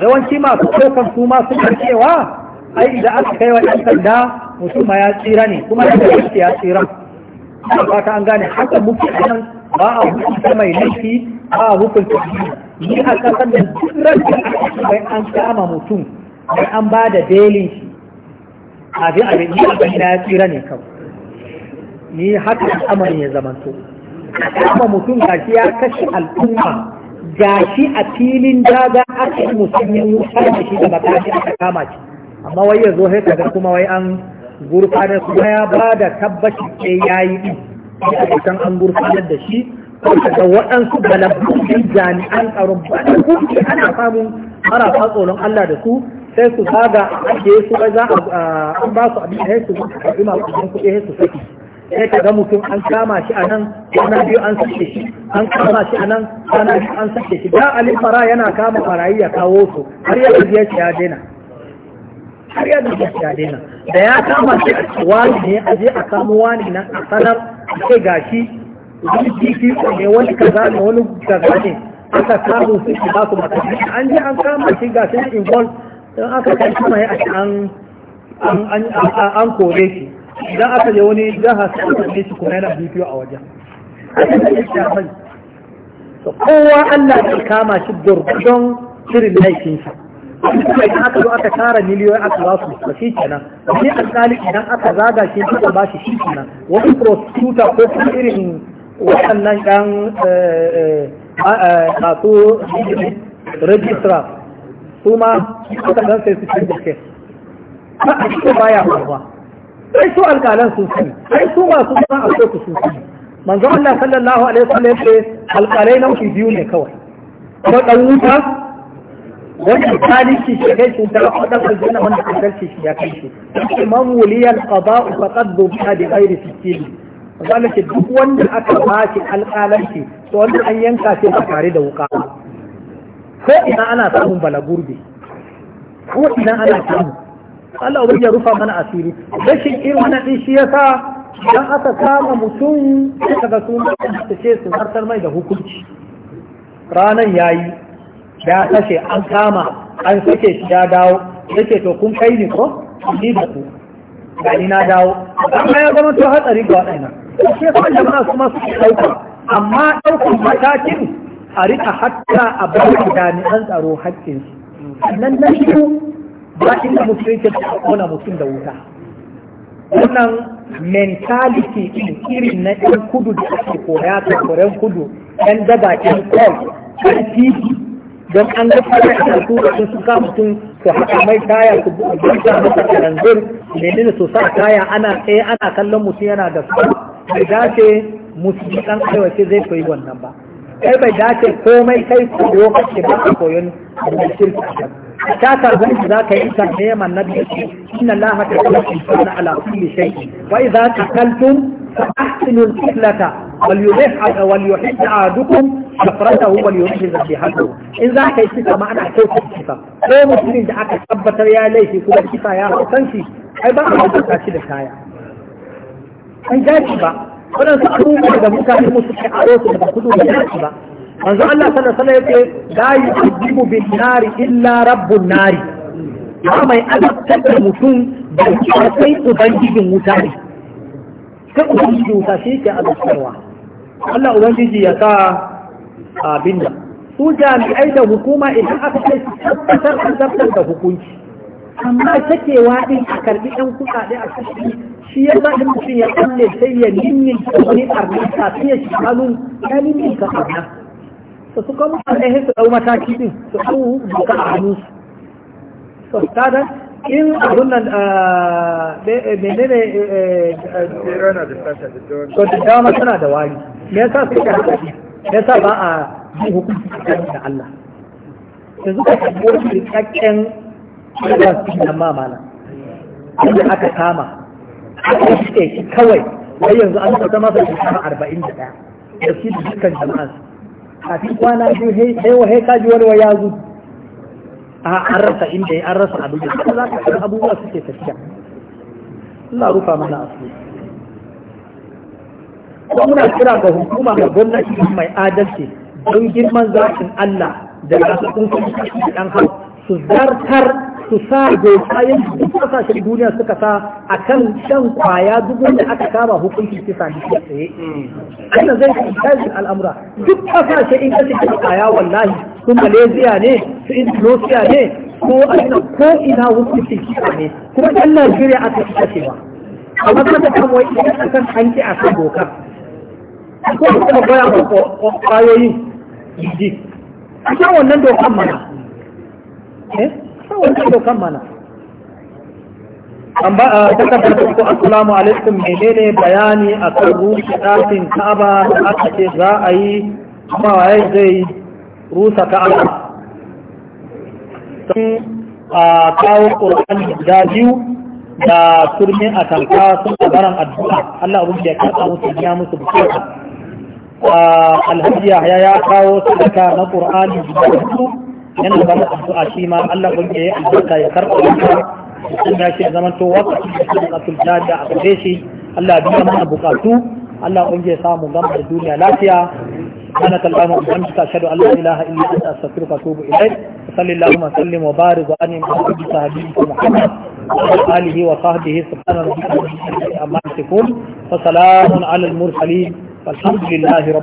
Speaker 1: yawanci masu ɗaukar su ma suna cewa ai idan aka kai wa ɗan sanda mutum ya tsira ne kuma da yake ya tsira ba fata an gane haka muke nan ba a hukunta mai laifi ba a hukunta ni a kasar da duk ranka bai an kama mutum bai an ba da belin shi abi a da iya gani na ya tsira ne kawai ni haka al'amari ya zamanto kama mutum gashi ya kashe al'umma gashi a filin daga aka yi musulmi wutar da shi da bakashi aka kama shi amma wai ya zo da kuma wai an gurfanar su ya ba da tabbaci ke ya yi ɗin da an gurfanar da shi daga waɗansu galabin jami'an tsaron ba da kuma ana samun marasa tsoron Allah da su sai su zaga ake su ba za a ba su abin da su karɓi masu kuɗi su saki sai ka ga mutum an kama shi a nan kwana biyu an sake shi an kama shi a nan kwana biyu an sake shi da Ali fara yana kama farayi ya kawo su har ya gajiya shi ya daina har ya gajiya shi ya daina da ya kama shi wani ne a je a kama wani nan a sanar a ce gashi wani jifi ne wani kaza ne wani kaza ne aka kama su shi ba su makashi an je an kama shi gashi ne involve don aka kai kuma ya an kore shi idan aka je wani jiha su aka ne shi kuma yana bidiyo a wajen kowa Allah ya kama shi gurgudun shirin laifin shi kuma idan aka zo aka tara miliyoyi aka ba su da shi kenan shi alƙali idan aka zaga shi suka ba shi shi kenan wani prostituta ko kuma irin waɗannan ɗan eh, eh, eh, masu rajistra su ma suka dan sai su canza kai ba a cikin baya ba sai su alƙalan sun sani sai su masu zama a kotu sun sani manzo Allah sallallahu alaihi wasallam ce alƙalai nau'i biyu ne kawai
Speaker 2: ko dan wuta
Speaker 1: wanda taliki shi kai shi da wadan aljanna wanda kadarci shi ya kai shi imam waliyal qada'u faqad dhubiha bi ghairi sikil zalla ce duk wanda aka bashi alƙalanci to wanda an yanka shi ba tare da wuka ko ina ana samun balagurbi ko ina ana samun Allah ubangi ya rufa mana asiri rashin irin wannan din shi yasa idan aka kama mutum daga sun ta ce su hartar mai da hukunci ranan yayi ya kashe an kama an sake shi ya dawo yake to kun kai ni ko ni da ku ni na dawo amma ya zama to hatsari ga waɗannan sai kuma jama'a su masu ɗauka amma ɗaukar matakin a rika hatta a bar jami'an tsaro haƙƙinsu sannan na biyu ba inda mutum yake kuna mutum da wuta wannan mentality din irin na ɗan kudu da ake koya kakwaren kudu ɗan daga ɗan kol ɗan titi don an ga fara a su da sun suka mutum su haka mai taya su buɗe masa karanzir menene su sa taya ana tsaye ana kallon mutum yana da su bai dace musulmi ɗan aiwace zai koyi wannan ba kai bai dace komai kai koyo kake ba a koyon da shirka ta karbi da za ka yi ta neman na biyu inna allaha ta kula insana ala kulli shay'in wa idza taqaltum fa ahsinu al-qiblata wal yudhih wal yuhid adukum shafratahu wal yuhid dhabihahu in za ka yi kisa ma ana kyautar kisa ko mutumin da aka tabbatar ya laifi kuma kisa ya san shi ai ba a hukunta shi da kaya an jaci ba waɗansu abubuwa da mutane musu kai aro su daga kudu da jaci ba manzo Allah sallallahu alaihi wasallam yake la yu'adhibu bin nari illa rabbun nari ba mai azabtar da mutum da sai ubangijin wuta ne sai ubangijin wuta shi ke azabtarwa Allah ubangiji ya sa abin da su jami'ai da hukuma idan aka kai su tabbatar azabtar da hukunci amma sakewa din a karbi ɗan kuɗaɗe a kashi shi ya ba da mutum ya kalle sai ya nimmin wani arnisa sai ya shi hannun ya nimmin ka to su kuma ɗaya eh, su ɗau mataki ɗin su ɗau doka a hannun su to kada in abun nan ah, eh, menene eh, to da dama tana da wari me yasa su ka haka me yasa ba a yi hukunci da Allah yanzu ka tabbo shi cikakken da su nan ma mana wanda aka kama aka shi kawai wai yanzu an sauka masa shekara arba'in da ɗaya da shi da dukkan jama'arsa kafin kwana biyu sai wa haika ji wani ya zo a an rasa inda ya an rasa abin da za ka san abubuwa suke tafiya Allah rufa mana asiri Ko muna kira ga hukuma ga gwamnati mai adalci don girman zakin Allah da rasakun kuma ɗan hau su zartar su sa gobayen duk kasashen duniya suka sa a kan shan kwaya duk wanda aka kama hukuncin kisa ne ke tsaye ina zai fi kaji al'amura duk kasashe in kasi ka kwaya wallahi su malaysia ne su indonesia ne ko ina ko ina hukuncin kisa ne kuma ɗan najeriya aka fi kashewa
Speaker 2: a matsayin da wai idan
Speaker 1: akan hanke a kan dokar ko kuma baya ma kwayoyin yi a wannan dokar mana eh? wancan dokan mana an ba ah, a da farko assalamu alaikum menene bayani a kan rushe ɗakin ka'aba da aka ce za a yi kuma waye zai rusa ka'aba sun a ah, kawo ƙur'an da biyu da turmi a tanka sun gabaran addu'a Allah abu da ya kasa musu ya musu bukata ah, alhaji ya ya kawo sadaka na ƙur'ani da biyu yana ba da addu'a shi ma Allah ko ya albarka ya karɓa shi sun ya ce zaman to wata sun ya da a gare Allah bi mana bukatu Allah ko ya samu gam da duniya lafiya ana kallama ko anta a Allah la ilaha illa anta astaghfiruka wa atubu ilayk sallallahu alaihi wa sallim wa barik wa anim wa sallim wa alihi wa sahbihi subhana rabbika rabbil izzati amma ala al mursalin والحمد لله